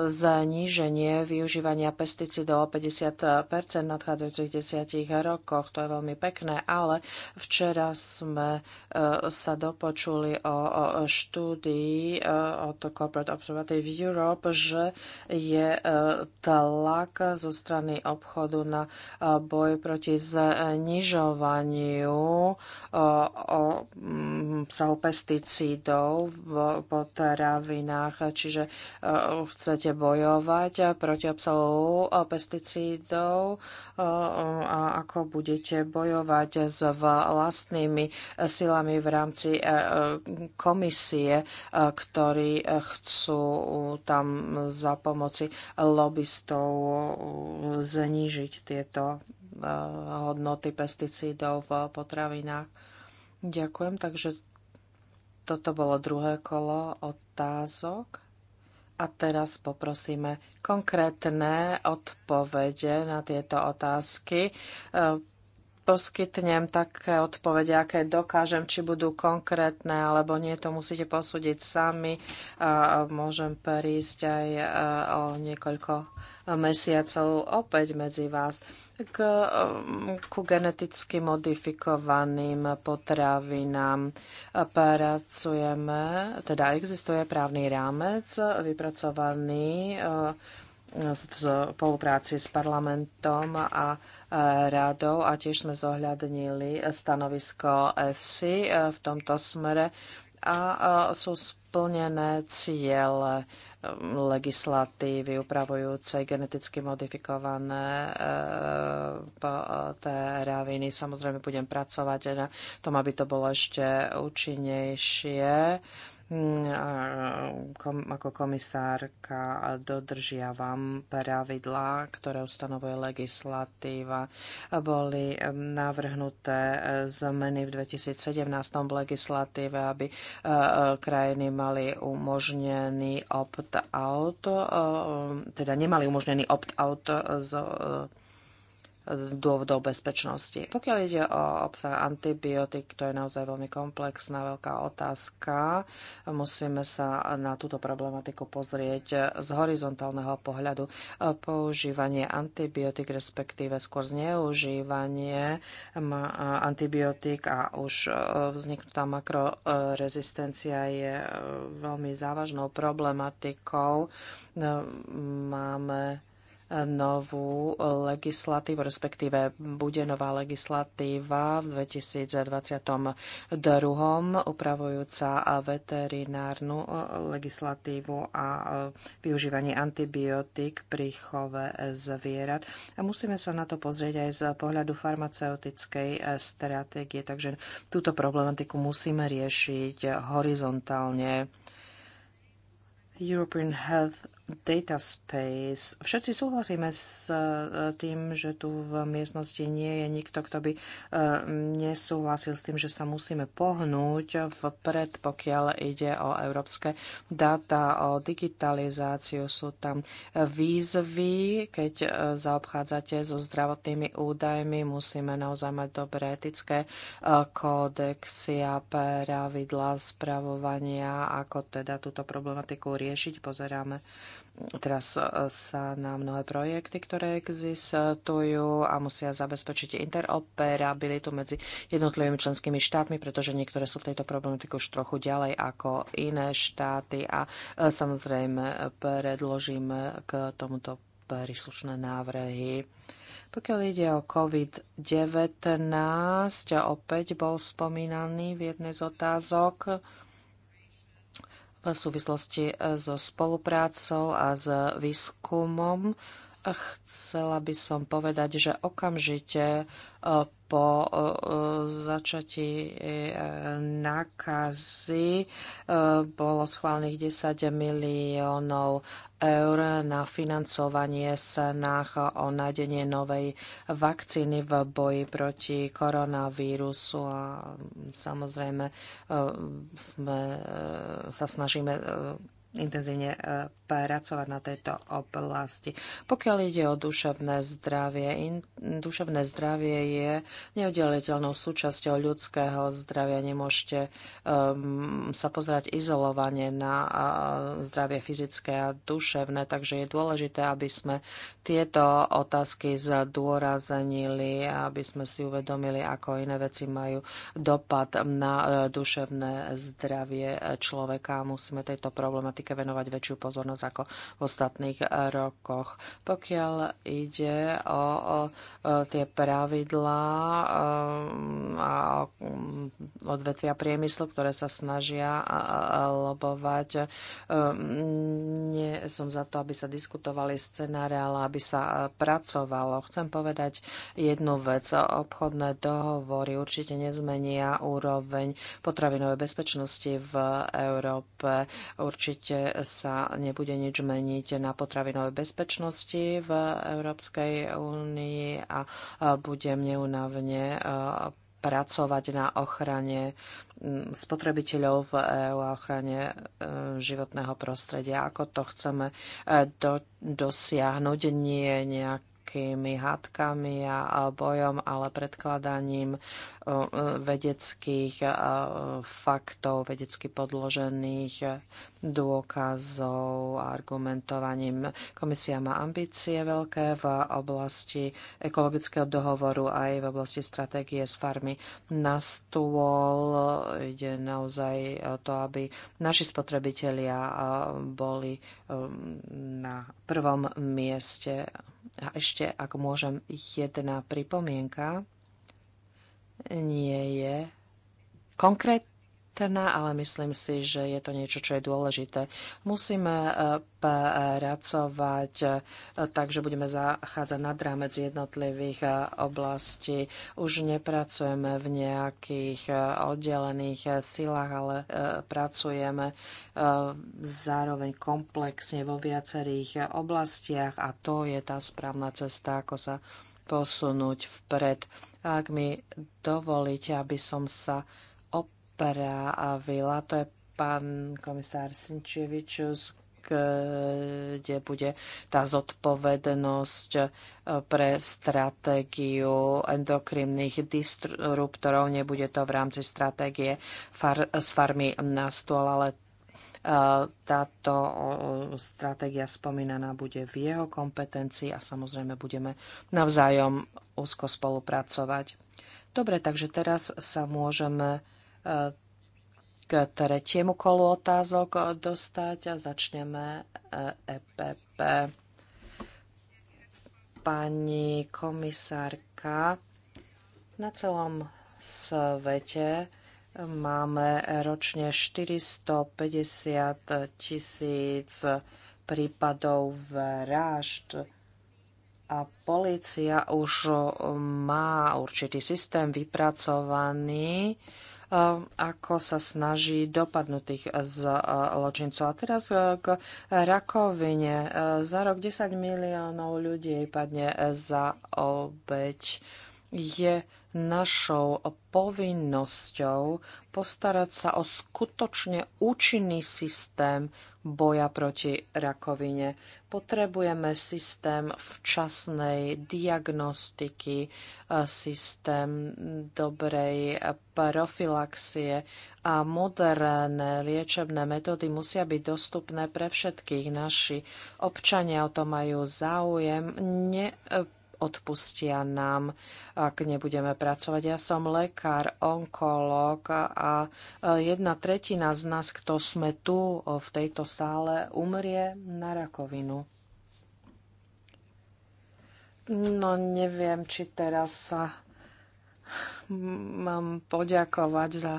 Speaker 3: zníženie využívania pesticidov o 50 v nadchádzajúcich desiatich rokoch. To je veľmi pekné, ale včera sme e, sa dopočuli o štúdii e, od Corporate Observative Europe, že je tlak zo strany obchodu na boj proti znižovaniu obsahu pesticídov v potravinách krajinách, Čiže eh, chcete bojovať proti obsahu eh, pesticídov eh, a ako budete bojovať s vlastnými silami v rámci komisie, ktorí chcú tam za pomoci lobbystov znížiť tieto hodnoty pesticídov v potravinách. Ďakujem, takže toto bolo druhé kolo otázok. A teraz poprosíme konkrétne odpovede na tieto otázky poskytnem také odpovede, aké dokážem, či budú konkrétne alebo nie, to musíte posúdiť sami. A môžem prísť aj o niekoľko mesiacov opäť medzi vás k, ku geneticky modifikovaným potravinám. Pracujeme, teda existuje právny rámec vypracovaný v spolupráci s parlamentom a e, radou a tiež sme zohľadnili stanovisko FC e, v tomto smere a e, sú splnené ciele legislatívy upravujúcej geneticky modifikované té ráviny. Samozrejme budem pracovať na tom, aby to bolo ešte účinnejšie Mm, ako komisárka dodržiavam pravidlá, ktoré ustanovuje legislatíva. Boli navrhnuté e, zmeny v 2017 v legislatíve, aby e, e, krajiny mali umožnený opt-out, teda nemali umožnený opt-out z dôvodov bezpečnosti. Pokiaľ ide o obsah antibiotik, to je naozaj veľmi komplexná, veľká otázka. Musíme sa na túto problematiku pozrieť z horizontálneho pohľadu. Používanie antibiotik, respektíve skôr zneužívanie antibiotik a už e, vzniknutá makrorezistencia je e, veľmi závažnou problematikou. No, máme novú legislatívu, respektíve bude nová legislatíva v 2022. upravujúca veterinárnu e, legislatívu a e, využívanie antibiotík pri chove zvierat. A musíme sa na to pozrieť aj z pohľadu farmaceutickej e, stratégie, takže túto problematiku musíme riešiť horizontálne. European Health data space. Všetci súhlasíme s e, tým, že tu v miestnosti nie je nikto, kto by e, nesúhlasil s tým, že sa musíme pohnúť vpred, pokiaľ ide o európske dáta, o digitalizáciu. Sú tam výzvy, keď e, zaobchádzate so zdravotnými údajmi, musíme naozaj mať dobré etické kódexy a pravidla spravovania, ako teda túto problematiku riešiť. Pozeráme Teraz e, sa na mnohé projekty, ktoré existujú a musia zabezpečiť interoperabilitu medzi jednotlivými členskými štátmi, pretože niektoré sú v tejto problematike už trochu ďalej ako iné štáty a e, samozrejme predložím k tomuto príslušné návrhy. Pokiaľ ide o COVID-19, opäť bol spomínaný v jednej z otázok v súvislosti e, so spoluprácou a s výskumom. E, chcela by som povedať, že okamžite e, po začatí nákazy bolo schválených 10 miliónov eur na financovanie snah o nájdenie novej vakcíny v boji proti koronavírusu a samozrejme e, sme, e, sa snažíme e, intenzívne pracovať na tejto oblasti. Pokiaľ ide o duševné zdravie, in, duševné zdravie je neoddeliteľnou súčasťou ľudského zdravia. Nemôžete um, sa pozerať izolovanie na uh, zdravie fyzické a duševné, takže je dôležité, aby sme tieto otázky zdôraznili, aby sme si uvedomili, ako iné veci majú dopad na uh, duševné zdravie človeka. Musíme tejto problematike venovať väčšiu pozornosť viac ako v ostatných eh, rokoch. Pokiaľ ide o, o tie pravidlá eh, a o mm, odvetvia priemyslu, ktoré sa snažia eh, lobovať, mm, nie som za to, aby sa diskutovali scenáre, ale aby sa pracovalo. Chcem povedať jednu vec. Obchodné dohovory určite nezmenia úroveň potravinovej bezpečnosti v Európe. Určite sa nebude nebude nič meniť na potravinovej bezpečnosti v Európskej únii a budem neunavne pracovať na ochrane spotrebiteľov v EU a ochrane e, životného prostredia. Ako to chceme e, do, dosiahnuť, nie nejak nejakými hádkami a bojom, ale predkladaním e, vedeckých faktov, vedecky podložených dôkazov a argumentovaním. Komisia má ambície veľké v oblasti ekologického dohovoru aj v oblasti stratégie z farmy na stôl. Ide naozaj o to, aby naši spotrebitelia eh, boli eh, na prvom mieste. A ešte, ak môžem, jedna pripomienka nie je konkrétna trná, ale myslím si, že je to niečo, čo je dôležité. Musíme eh, pracovať eh, tak, že budeme zachádzať nad rámec jednotlivých eh, oblastí. Už nepracujeme v nejakých oddelených silách, ale pracujeme zároveň komplexne vo viacerých oblastiach a to je tá správna cesta, ako sa posunúť vpred. Ak mi dovolíte, aby som sa Vila, To je pán komisár Sinčevičus, kde bude tá zodpovednosť e, pre stratégiu endokrinných disruptorov. Nebude to v rámci stratégie far, z farmy na stôl, ale e, táto stratégia spomínaná bude v jeho kompetencii a samozrejme budeme navzájom úzko spolupracovať. Dobre, takže teraz sa môžeme k tretiemu kolu otázok dostať a začneme EPP. E Pani komisárka, na celom svete máme ročne 450 tisíc prípadov vražd a policia už má určitý systém vypracovaný, Ehm, ako sa snaží dopadnúť tých zločincov. A teraz eh, k rakovine. Eh, za rok 10 miliónov ľudí padne za obeď. Je našou povinnosťou postarať sa o skutočne účinný systém boja proti rakovine. Potrebujeme systém včasnej diagnostiky, e, systém dobrej profilaxie a moderné liečebné metódy musia byť dostupné pre všetkých. Naši občania o to majú záujem. Ne odpustia nám, ak nebudeme pracovať. Ja som lekár, onkolog a jedna tretina z nás, kto sme tu v tejto sále, umrie na rakovinu. No neviem, či teraz sa mám poďakovať za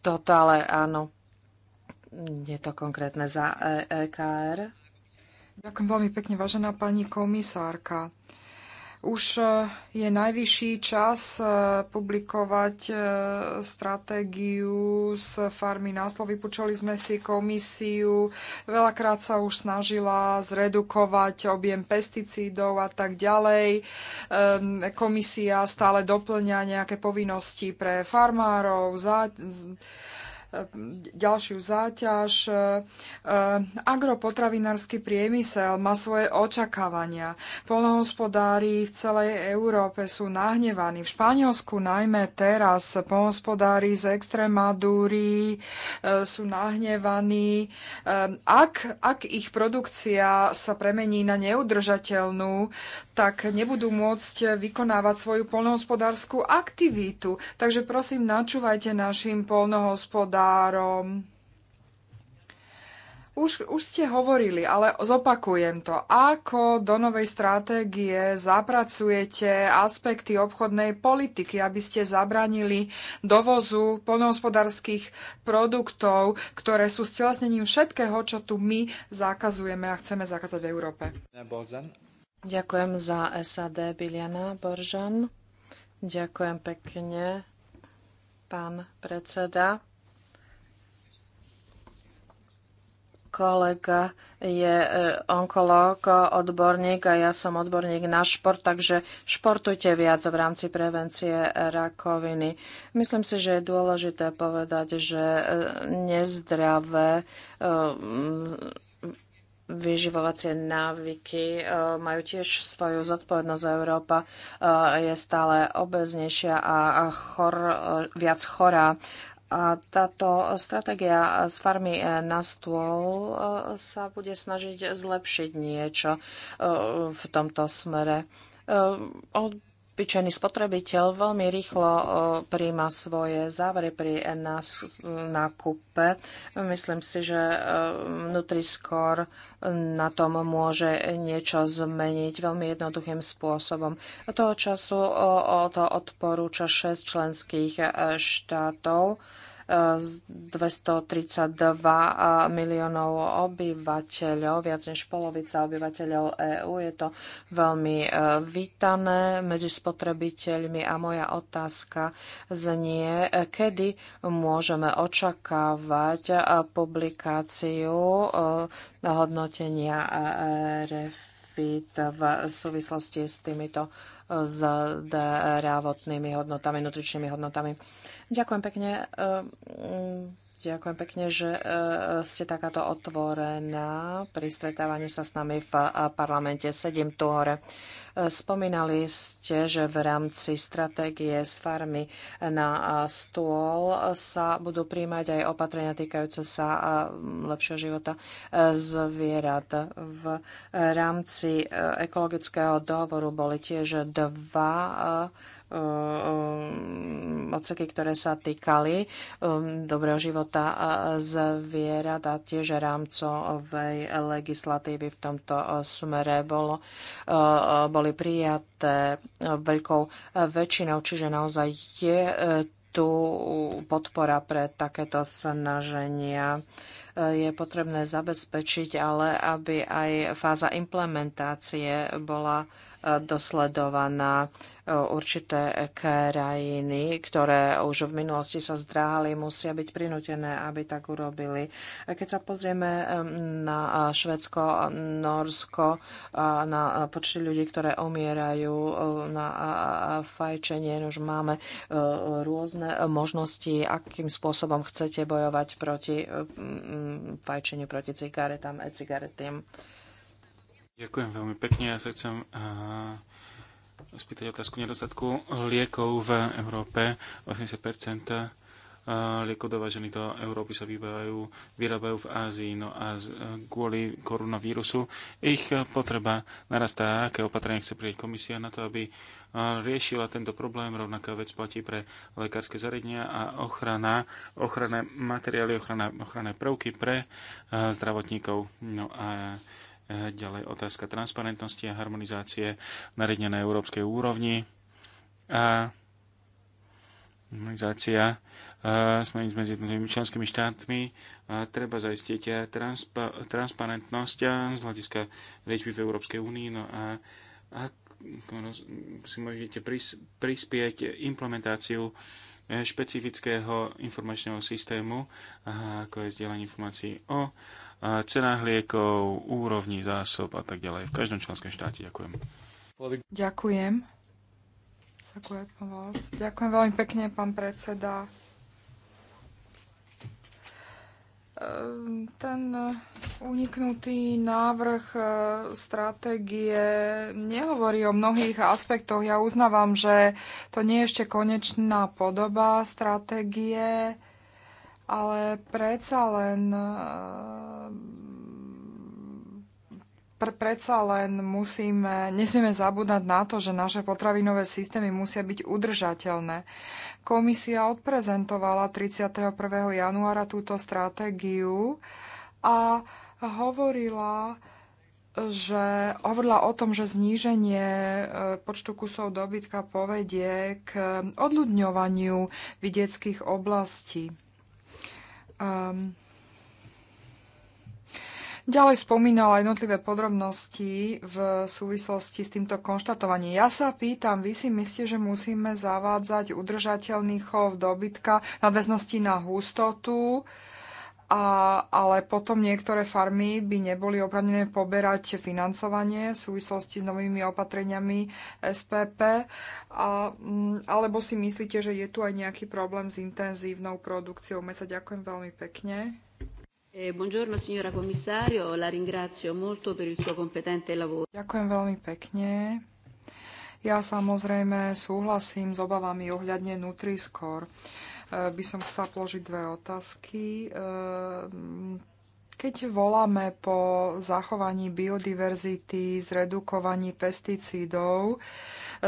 Speaker 3: toto, ale áno, je to konkrétne za EKR. E Ďakujem veľmi pekne, vážená pani komisárka.
Speaker 2: Už e, je najvyšší čas e, publikovať e, stratégiu z farmy náslo. Vypočuli sme si komisiu, veľakrát sa už snažila zredukovať objem pesticídov a tak ďalej. Komisia stále doplňa nejaké povinnosti pre farmárov, ďalšiu záťaž. E, Agropotravinársky priemysel má svoje očakávania. Polnohospodári v celej Európe sú nahnevaní. V Španielsku najmä teraz polnohospodári z Extremadúry e, sú nahnevaní. E, ak, ak ich produkcia sa premení na neudržateľnú, tak nebudú môcť vykonávať svoju polnohospodárskú aktivitu. Takže prosím, načúvajte našim polnohospodárom. Už, už ste hovorili, ale zopakujem to. Ako do novej stratégie zapracujete aspekty obchodnej politiky, aby ste zabranili dovozu polnohospodárskych produktov, ktoré sú stelesnením všetkého, čo tu my zakazujeme a chceme zakázať v Európe?
Speaker 3: Ďakujem za SAD Biliana Boržan. Ďakujem pekne, pán predseda. kolega je e, onkolog, odborník a ja som odborník na šport, takže športujte viac v rámci prevencie rakoviny. Myslím si, že je dôležité povedať, že e, nezdravé e, vyživovacie návyky e, majú tiež svoju zodpovednosť. Európa e, je stále obeznejšia a chor, e, viac chorá. A táto stratégia z farmy na stôl sa bude snažiť zlepšiť niečo v tomto smere obyčajný spotrebiteľ veľmi rýchlo príjma svoje závery pri nákupe. Myslím si, že Nutriscore na tom môže niečo zmeniť veľmi jednoduchým spôsobom. Toho času to odporúča 6 členských e, štátov. 232 miliónov obyvateľov, viac než polovica obyvateľov EÚ. Je to veľmi e, vítané medzi spotrebiteľmi a moja otázka znie, e, kedy môžeme očakávať e, publikáciu hodnotenia RFID v súvislosti s týmito s zdravotnými hodnotami, nutričnými hodnotami. Ďakujem pekne. Ehm, Ďakujem pekne, že e, ste takáto otvorená pri stretávaní sa s nami v e, parlamente. Sedím tu hore. E, spomínali ste, že v rámci stratégie z farmy na stôl sa budú príjmať aj opatrenia týkajúce sa lepšieho života zvierat. V rámci ekologického dohovoru boli tiež dva Um, odseky, ktoré sa týkali um, dobrého života zvierat a tiež rámcovej legislatívy v tomto uh, smere bolo, uh, uh, boli prijaté veľkou väčšinou, čiže naozaj je tu podpora pre takéto snaženia je potrebné zabezpečiť, ale aby aj fáza implementácie bola dosledovaná. E, určité krajiny, ktoré už v minulosti sa zdráhali, musia byť prinútené, aby tak urobili. Keď sa pozrieme e, na Švedsko, Norsko, na počty ľudí, ktoré umierajú e, na fajčenie, no už máme rôzne možnosti, akým spôsobom chcete bojovať proti fajčeniu, proti cigaretám, e-cigaretám.
Speaker 1: Ďakujem veľmi pekne. Ja sa chcem uh, spýtať otázku nedostatku liekov v Európe. 80 liekov dovážených do Európy sa vyrábajú, vyrábajú v Ázii. No a z, kvôli koronavírusu ich potreba narastá. Aké opatrenia chce prieť komisia na to, aby riešila tento problém? Rovnaká vec platí pre lekárske zariadenia a ochrana, ochranné materiály, ochranné, ochranné prvky pre uh, zdravotníkov. No a uh, ďalej otázka transparentnosti a harmonizácie nariadenia na európskej úrovni a harmonizácia smerníc medzi jednotlivými členskými štátmi. A treba zaistiť transpa- transparentnosť z hľadiska liečby v Európskej únii. No a a si môžete pris- prispieť implementáciu e, špecifického informačného systému, ako je zdieľanie informácií o cenách liekov, úrovni zásob a tak ďalej v každom členskom štáte. Ďakujem.
Speaker 2: Ďakujem. Ďakujem veľmi pekne, pán predseda. Ehm, ten eh, uniknutý návrh eh, stratégie nehovorí o mnohých aspektoch. Ja uznávam, že to nie je ešte konečná podoba stratégie ale predsa len e, pre, predsa len musíme, nesmieme zabúdať na to, že naše potravinové systémy musia byť udržateľné. Komisia odprezentovala 31. januára túto stratégiu a hovorila, že hovorila o tom, že zníženie e, počtu kusov dobytka povedie k odľudňovaniu vidieckých oblastí. Um, Ďalej spomínala jednotlivé podrobnosti v súvislosti s týmto konštatovaním. Ja sa pýtam, vy si myslíte, že musíme zavádzať udržateľný chov dobytka väznosti na hustotu, a, ale potom niektoré farmy by neboli opravnené poberať financovanie v súvislosti s novými opatreniami SPP, a, mm, alebo si myslíte, že je tu aj nejaký problém s intenzívnou produkciou mesa? Ďakujem veľmi pekne.
Speaker 3: Eh, buongiorno
Speaker 2: signora commissario, la ringrazio molto per il suo competente lavoro. Ďakujem veľmi pekne. Ja samozrejme súhlasím s obavami ohľadne Nutriscore. score Eh, by som chcela položiť dve otázky. Eh, keď voláme po zachovaní biodiverzity, zredukovaní pesticídov,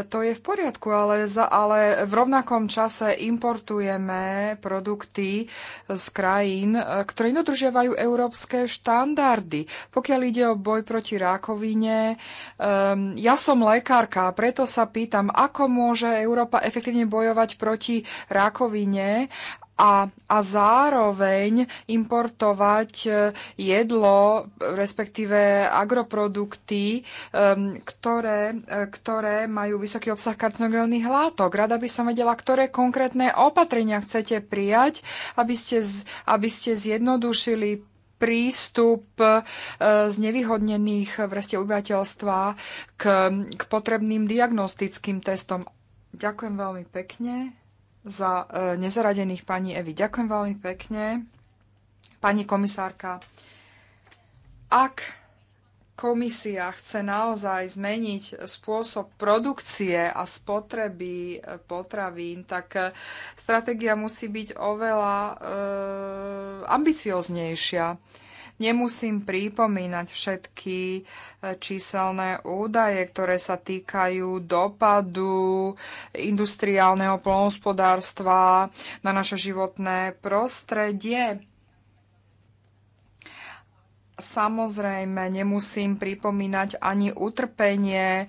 Speaker 2: to je v poriadku, ale, za, ale v rovnakom čase importujeme produkty z krajín, e, ktoré nedodržiavajú európske štandardy. Pokiaľ ide o boj proti rákovine, um, ehm, ja som lekárka, preto sa pýtam, ako môže Európa efektívne bojovať proti rákovine a, a zároveň importovať e, jedlo, respektíve agroprodukty, e, ktoré, e, ktoré majú vysoký obsah karcinogénnych látok. Rada by som vedela, ktoré konkrétne opatrenia chcete prijať, aby ste, z, aby ste zjednodušili prístup znevýhodnených vrste obyvateľstva k, k potrebným diagnostickým testom. Ďakujem veľmi pekne za e, nezaradených pani Evi. Ďakujem veľmi pekne. Pani komisárka, ak komisia chce naozaj zmeniť spôsob produkcie a spotreby e, potravín, tak e, stratégia musí byť oveľa e, ambicioznejšia. Nemusím pripomínať všetky e, číselné údaje, ktoré sa týkajú dopadu industriálneho plnohospodárstva na naše životné prostredie. Samozrejme, nemusím pripomínať ani utrpenie e,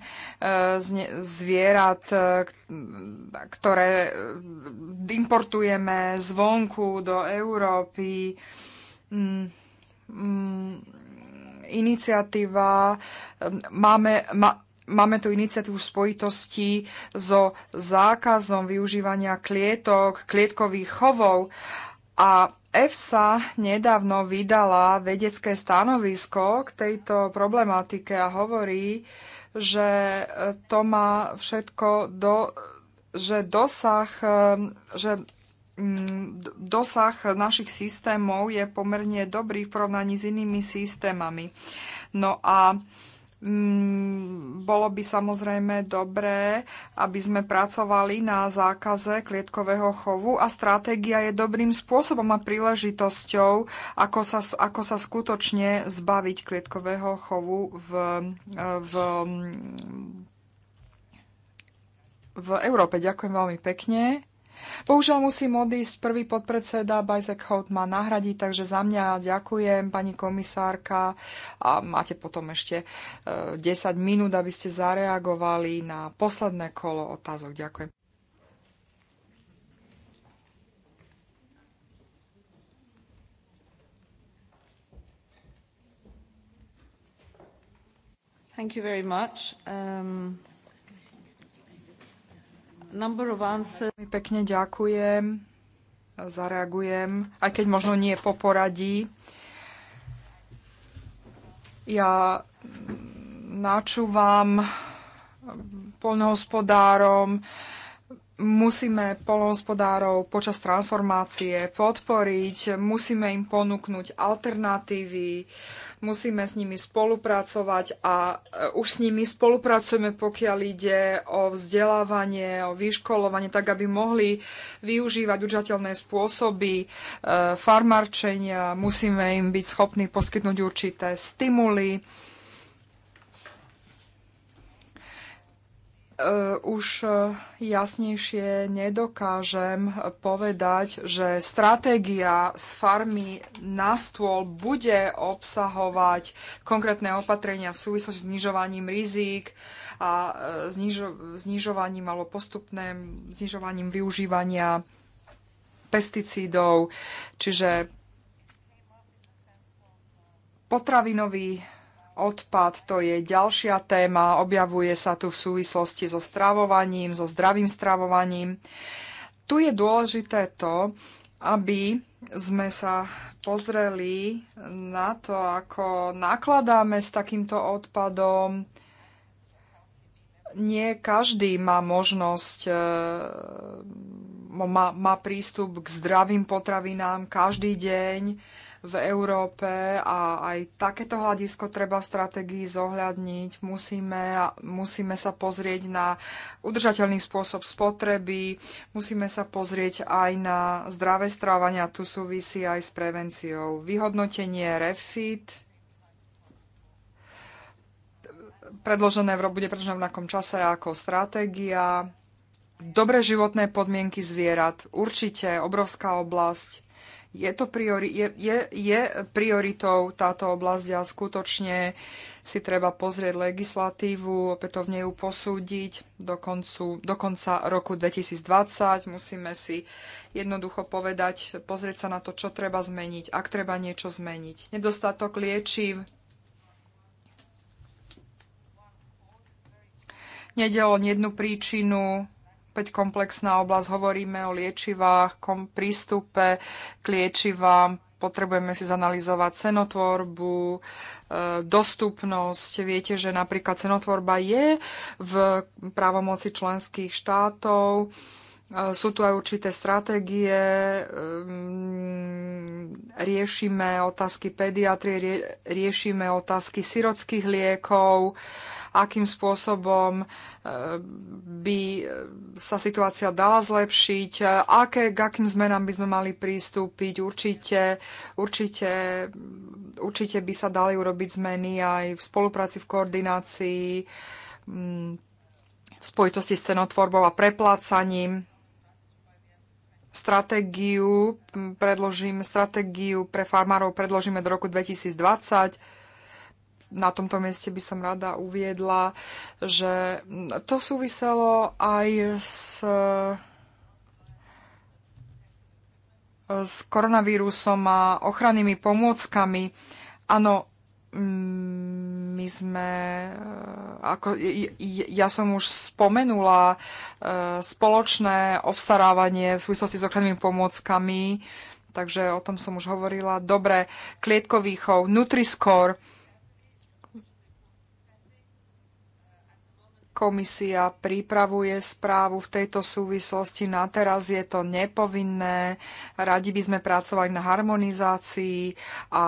Speaker 2: zvierat, e, ktoré importujeme zvonku do Európy. Mm Mm, iniciatíva, mm, máme, ma, máme tu iniciatívu v spojitosti so zákazom využívania klietok, klietkových chovov a EFSA nedávno vydala vedecké stanovisko k tejto problematike a hovorí, že e, to má všetko do, že dosah, e, že Mm, dosah našich systémov je pomerne dobrý v porovnaní s inými systémami. No a mm, bolo by samozrejme dobré, aby sme pracovali na zákaze klietkového chovu a stratégia je dobrým spôsobom a príležitosťou, ako sa, ako sa skutočne zbaviť klietkového chovu v, v, v Európe. Ďakujem veľmi pekne. Bohužiaľ musím odísť, prvý podpredseda Bajzek Hout ma nahradí, takže za mňa ďakujem, pani komisárka, a máte potom ešte 10 e, minút, aby ste zareagovali na posledné kolo otázok. Ďakujem. Thank you very much. Um... Pekne ďakujem, zareagujem, aj keď možno nie po poradí. Ja načúvam polnohospodárom, musíme polnohospodárov počas transformácie podporiť, musíme im ponúknuť alternatívy, musíme s nimi spolupracovať a e, už s nimi spolupracujeme, pokiaľ ide o vzdelávanie, o vyškolovanie, tak aby mohli využívať udržateľné spôsoby e, farmarčenia. Musíme im byť schopní poskytnúť určité stimuly Eh, už eh, jasnejšie nedokážem povedať, že stratégia z farmy na stôl bude obsahovať konkrétne opatrenia v súvislosti s znižovaním rizík a eh, znižo, znižovaním alebo postupným znižovaním využívania pesticídov. Čiže potravinový odpad, to je ďalšia téma, objavuje sa tu v súvislosti so stravovaním, so zdravým stravovaním. Tu je dôležité to, aby sme sa pozreli na to, ako nakladáme s takýmto odpadom. Nie každý má možnosť, e, má, má prístup k zdravým potravinám každý deň v Európe a aj takéto hľadisko treba v stratégii zohľadniť. Musíme, musíme sa pozrieť na udržateľný spôsob spotreby, musíme sa pozrieť aj na zdravé strávania, tu súvisí aj s prevenciou. Vyhodnotenie refit, predložené v, bude predložené v nejakom čase ako stratégia. Dobré životné podmienky zvierat, určite obrovská oblasť je, to priori- je, je, je prioritou táto oblasť a skutočne si treba pozrieť legislatívu, opätovne ju posúdiť do, koncu, do konca roku 2020. Musíme si jednoducho povedať, pozrieť sa na to, čo treba zmeniť, ak treba niečo zmeniť. Nedostatok liečiv. Nedelo jednu príčinu, opäť komplexná oblasť. Hovoríme o liečivách, kom, prístupe k liečivám, potrebujeme si zanalizovať cenotvorbu, e, dostupnosť. Viete, že napríklad cenotvorba je v právomoci členských štátov. E, sú tu aj určité stratégie, riešime otázky pediatrie, rie, riešime otázky sirotských liekov, akým spôsobom e, by sa situácia dala zlepšiť, aké, k akým zmenám by sme mali pristúpiť, Určite, určite, určite by sa dali urobiť zmeny aj v spolupráci, v koordinácii, mm, v spojitosti s cenotvorbou a preplácaním stratégiu, predložím stratégiu pre farmárov, predložíme do roku 2020. Na tomto mieste by som rada uviedla, že to súviselo aj s, s koronavírusom a ochrannými pomôckami. Áno, mm, my sme, e, ako ja som už spomenula, e, spoločné obstarávanie v súvislosti s ochrannými pomôckami, takže o tom som už hovorila. Dobre, klietkový chov, Nutriscore, Komisia pripravuje správu v tejto súvislosti. Na teraz je to nepovinné. Radi by sme pracovali na harmonizácii a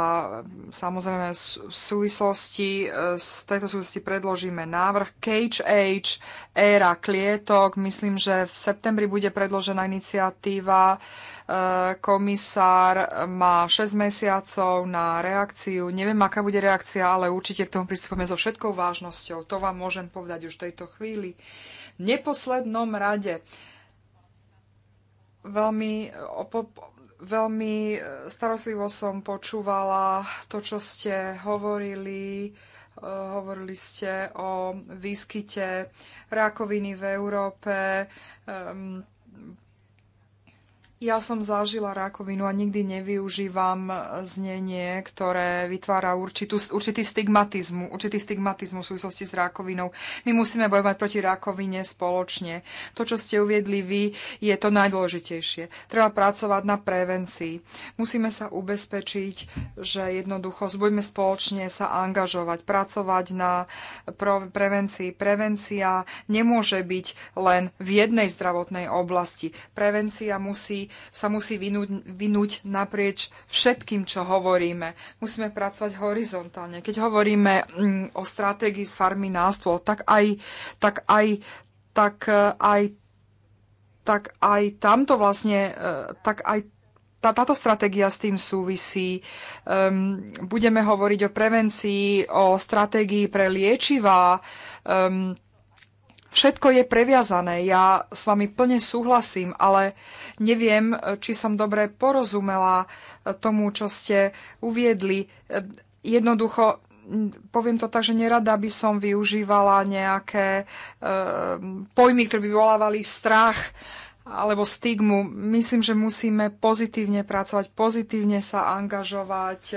Speaker 2: samozrejme v súvislosti, z eh, tejto súvislosti predložíme návrh Cage Age, éra klietok. Myslím, že v septembri bude predložená iniciatíva Eh, komisár má 6 mesiacov na reakciu. Neviem, aká bude reakcia, ale určite k tomu pristupujeme so všetkou vážnosťou. To vám môžem povedať už v tejto chvíli. V neposlednom rade veľmi, veľmi eh, starostlivo som počúvala to, čo ste hovorili eh, hovorili ste o výskyte rakoviny v Európe, um, ja som zažila rakovinu a nikdy nevyužívam znenie, ktoré vytvára určitú, určitý, stigmatizmu, určitý stigmatizmus v súvislosti s rakovinou. My musíme bojovať proti rakovine spoločne. To, čo ste uviedli vy, je to najdôležitejšie. Treba pracovať na prevencii. Musíme sa ubezpečiť, že jednoducho budeme spoločne sa angažovať, pracovať na prevencii. Prevencia nemôže byť len v jednej zdravotnej oblasti. Prevencia musí sa musí vynúť, vynúť naprieč všetkým, čo hovoríme. Musíme pracovať horizontálne. Keď hovoríme mm, o stratégii z farmy na stôl, tak aj, tak aj, tak e, aj, tak aj tamto vlastne, e, tak aj tá, táto stratégia s tým súvisí. Um, budeme hovoriť o prevencii, o stratégii pre liečivá. Um, všetko je previazané. Ja s vami plne súhlasím, ale neviem, či som dobre porozumela eh, tomu, čo ste uviedli. Eh, jednoducho, poviem to tak, že nerada by som využívala nejaké e, pojmy, ktoré by volávali strach alebo stigmu. Myslím, že musíme pozitívne pracovať, pozitívne sa angažovať. E,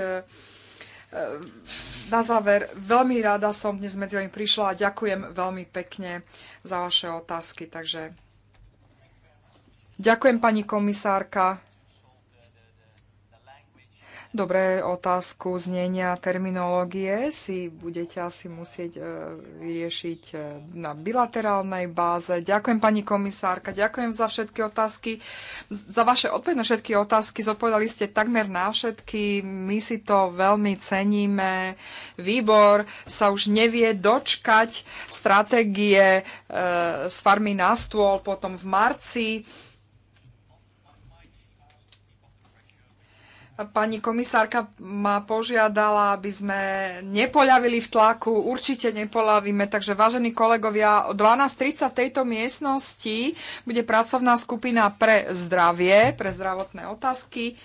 Speaker 2: na záver, veľmi rada som dnes medzi vami prišla a ďakujem veľmi pekne za vaše otázky. Takže ďakujem pani komisárka Dobré otázku znenia terminológie si budete asi musieť e, vyriešiť e, na bilaterálnej báze. Ďakujem pani komisárka, ďakujem za všetky otázky. Za vaše odpovedné na všetky otázky zodpovedali ste takmer na všetky. My si to veľmi ceníme. Výbor sa už nevie dočkať stratégie z e, farmy na stôl potom v marci Pani komisárka ma požiadala, aby sme nepoľavili v tlaku. Určite nepoľavíme. Takže, vážení kolegovia, o 12.30 v tejto miestnosti bude pracovná skupina pre zdravie, pre zdravotné otázky.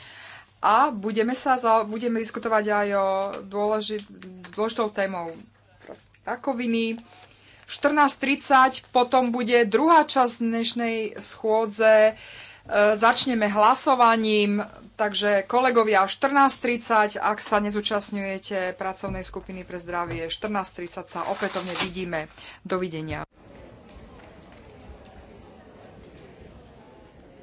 Speaker 2: A budeme, sa za, budeme diskutovať aj o dôležit, dôležitou témou rakoviny. 14.30 potom bude druhá časť dnešnej schôdze E, začneme hlasovaním, takže kolegovia 14.30, ak sa nezúčastňujete pracovnej skupiny pre zdravie, 14.30 sa opätovne vidíme. Dovidenia.